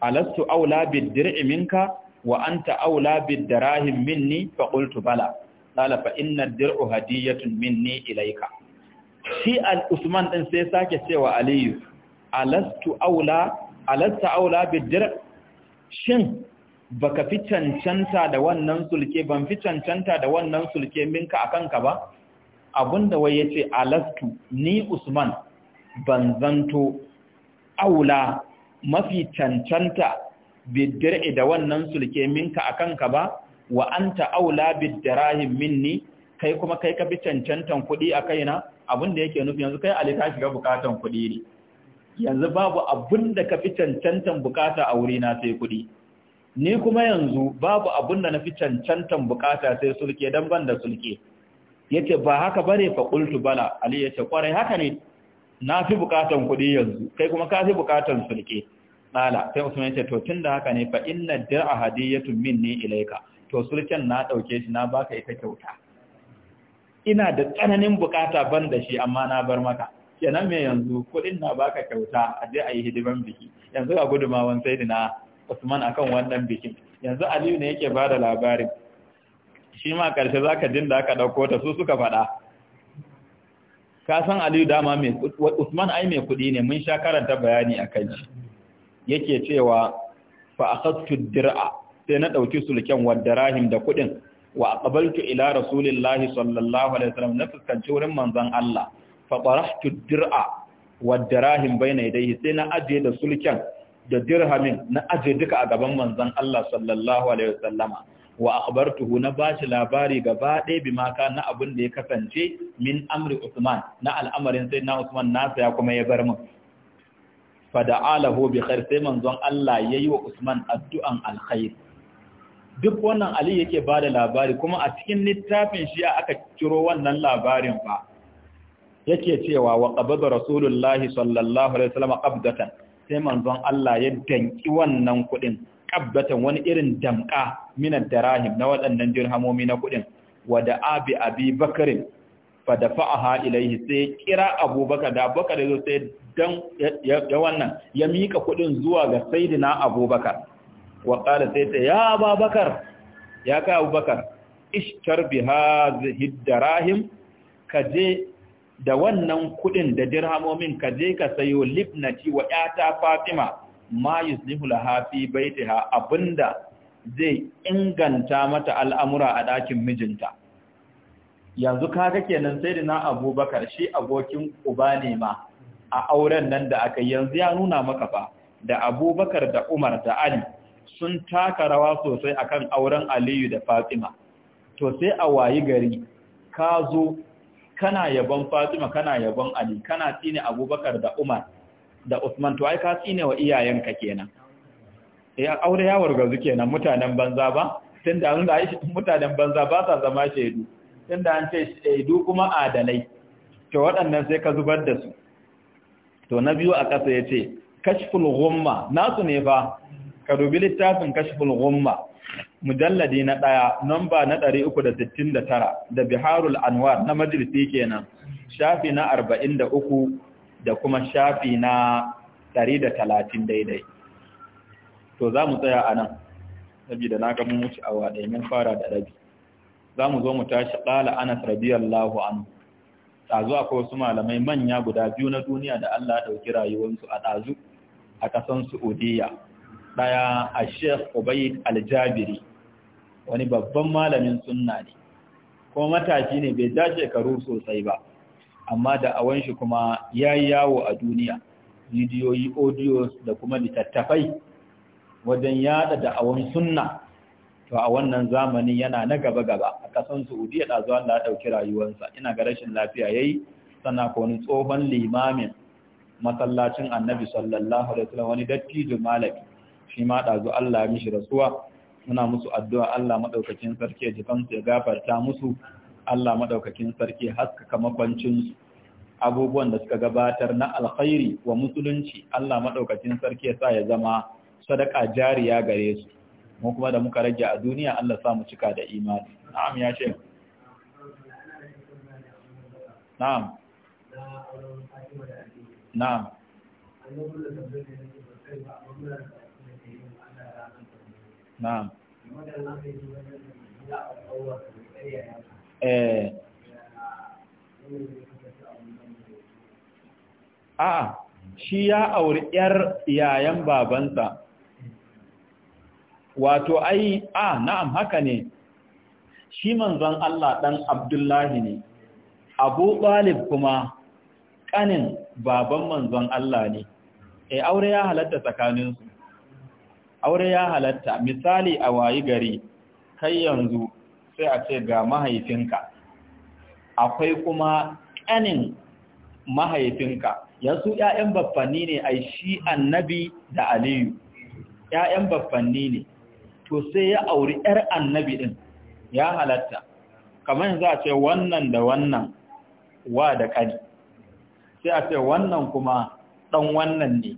alastu aula bi dir'i minka wa anta aula bi darahim minni fa qultu bala qala fa inna ad-dir'u hadiyatun minni ilayka shi al-usman din sai sake cewa aliyu alastu aula alasta aula bidir shin baka fi cancanta da wannan sulke ban fi cancanta da wannan sulke minka akan ka ba abinda wai yace alastu ni usman ban zanto aula mafi cancanta bidir da wannan sulke minka akan ka ba wa anta aula bidirahim minni kai kuma kai ka fi cancantan kuɗi a kaina abinda yake nufi yanzu kai alika shiga bukatan kuɗi ne yanzu babu abin da ka fi cancantan bukata a wurina sai kuɗi ni kuma yanzu babu abin da na fi cancantan bukata sai sulke don ban da sulke ya ce ba haka bare fa ƙultu bala ali ya ce ƙwarai haka ne na fi bukatan kuɗi yanzu kai kuma ka fi bukatan sulke Ɗala. sai usman ya ce to tun da haka ne fa inna dir'a hadiyatun ne ilaika to sulken na ɗauke shi na baka ita kyauta ina da tsananin bukata ban da shi amma na bar maka kenan me yanzu kuɗin na baka kyauta a je a yi hidiman biki yanzu ga gudumawan sai na Usman akan wannan bikin yanzu Aliyu ne yake bada labarin shi ma karshe zaka jin da aka dauko ta su suka faɗa ka san Aliyu dama mai Usman ai mai kuɗi ne mun sha karanta bayani akan shi yake cewa fa akhadtu dir'a sai na dauki sulken wa dirahim da kuɗin wa aqbaltu ila rasulillahi sallallahu alaihi wasallam na fuskanci wurin manzon Allah faɓarahtu dir'a wa dirahim bai na sai na ajiye da sulken da dirhamin na ajiye duka a gaban manzan Allah sallallahu alaihi wasallama wa akhbartuhu na bashi labari gaba ɗaya bi maka na abin da ya kasance min amri Usman na al'amarin sai na Usman nasa ya kuma ya bar min fada'alahu bi khair sai manzon Allah yayi wa Usman addu'an alkhair duk wannan Ali yake bada labari kuma a cikin littafin shi aka ciro wannan labarin fa yake cewa wa qabada rasulullahi sallallahu alaihi wasallam qabdatan sai manzon Allah ya danki wannan kudin qabbatan wani irin damka minan darahim na waɗannan dirhamomi na kudin wa da abi abi bakarin fa dafa'aha ilaihi sai kira abubakar da abubakar sai dan ya wannan ya mika kudin zuwa ga sayyidina abubakar wa qala sai ta ya abubakar ya ka abubakar ishtar bi hadhihi darahim je. da wannan kuɗin da dirhamomin ka je ka sayo libnati wa ‘yata Fatima ma yuslihu laha fi baitiha abinda zai inganta mata al'amura a dakin mijinta. Yanzu kaga kenan sai da abubakar shi abokin uba ne ma a auren nan da aka yanzu ya nuna maka fa da abubakar da Umar da Ali sun taka rawa sosai akan auren Aliyu da Fatima. To sai a wayi gari ka zo kana yabon Fatima kana yabon Ali kana tsine Abubakar da Umar da Usman to ai ka tsine wa iyayenka kenan eh aure ya wargazu kenan mutanen banza ba tunda an da mutanen banza ba ta zama shaidu tunda an ce shaidu kuma adalai to waɗannan sai ka zubar da su to na biyu a ƙasa yace kashful ghumma nasu ne fa ka dubi littafin kashful gumma mujalladi na ɗaya namba na 369 da biharul anwar na majalisi kenan shafi na 43 da kuma shafi na 130 daidai to za mu tsaya a nan saboda na ga mun wuce awa ɗaya mun fara da rabi za mu zo mu tashi ƙala anas radiyallahu anhu ɗazu akwai wasu malamai manya guda biyu na duniya da Allah ya ɗauki rayuwarsu a ɗazu a ƙasan Saudiya ɗaya a Sheikh Ubayd al wani babban malamin sunna ne kuma matashi ne bai da karu sosai ba amma da awan shi kuma ya yawo a duniya bidiyoyi audios da kuma littattafai wajen yada da'awan sunna to a wannan zamanin yana na gaba-gaba a kasan saudiya da zuwa ya ɗauki rayuwarsa ina ga rashin lafiya yayi sana ko wani tsohon limamin masallacin annabi sallallahu alaihi wasallam wani dattijo malami shi ma ɗazu Allah ya mishi rasuwa muna musu addu'a Allah maɗaukakin sarki ya su ya gafarta musu Allah maɗaukakin sarki haskaka makwancinsu abubuwan da suka gabatar na alkhairi wa musulunci Allah maɗaukakin sarki ya sa ya zama sadaka jariya gare su mu kuma da muka rage a duniya Allah sa mu cika da imani na'am ya ce na'am na'am na'am eh a'a shi ya auri ‘yar yayan babansa, wato ai, a na'am haka ne, shi manzon Allah ɗan Abdullahi ne, Abu Ɓalib kuma ƙanin baban manzon Allah ne, e aure ya halatta tsakaninsu, aure ya halatta misali a wayi gari kai yanzu sai a ce ga mahaifinka akwai kuma ƙanin mahaifinka yanzu ‘ya'yan baffanni ne a shi annabi da aliyu ‘ya'yan baffanni ne to sai ya auri ‘yar annabi ɗin ya halatta kamar za a ce wannan da wannan wa da ƙani sai a ce wannan kuma ɗan wannan ne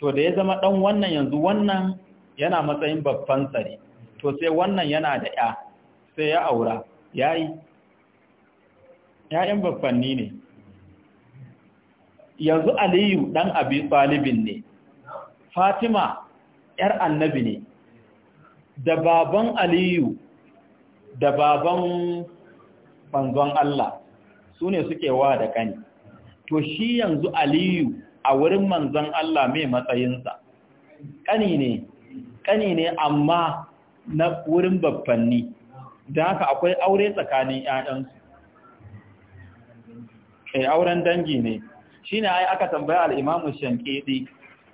to da ya zama ɗan wannan yanzu wannan yana matsayin babban tsari to sai wannan yana da ya sai ya aura ya yi ‘ya'yan babbanni ne yanzu aliyu ɗan abi ɗalibin ne fatima ‘yar annabi ne da baban aliyu da baban banzon Allah su ne suke wa da kani to shi yanzu aliyu a wurin manzan Allah mai matsayinsa ƙani ne ƙani ne amma na wurin babbanni da haka akwai aure tsakanin ‘ya'yansu ƙai eh, auren dangi ne shi ne ai aka tambaya al'imamu shankidi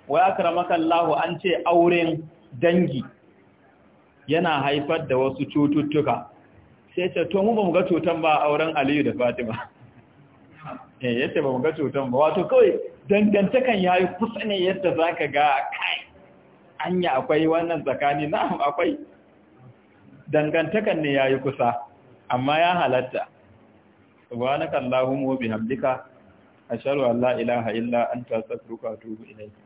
wai ya ramakan lahu an ce auren dangi yana haifar da wasu cututtuka sai ce to mu ba mu ga cutan ba auren aliyu da fatima eh yace ba mu ga cutan ba wato kawai dangantakan ya yi kusa ne yadda zaka ga kai anya akwai wannan tsakani na'am akwai dangantakan ne ya yi kusa amma ya halatta subhanakallahumma wa bihamdika ashhadu an la ilaha illa anta astaghfiruka wa atubu ilayk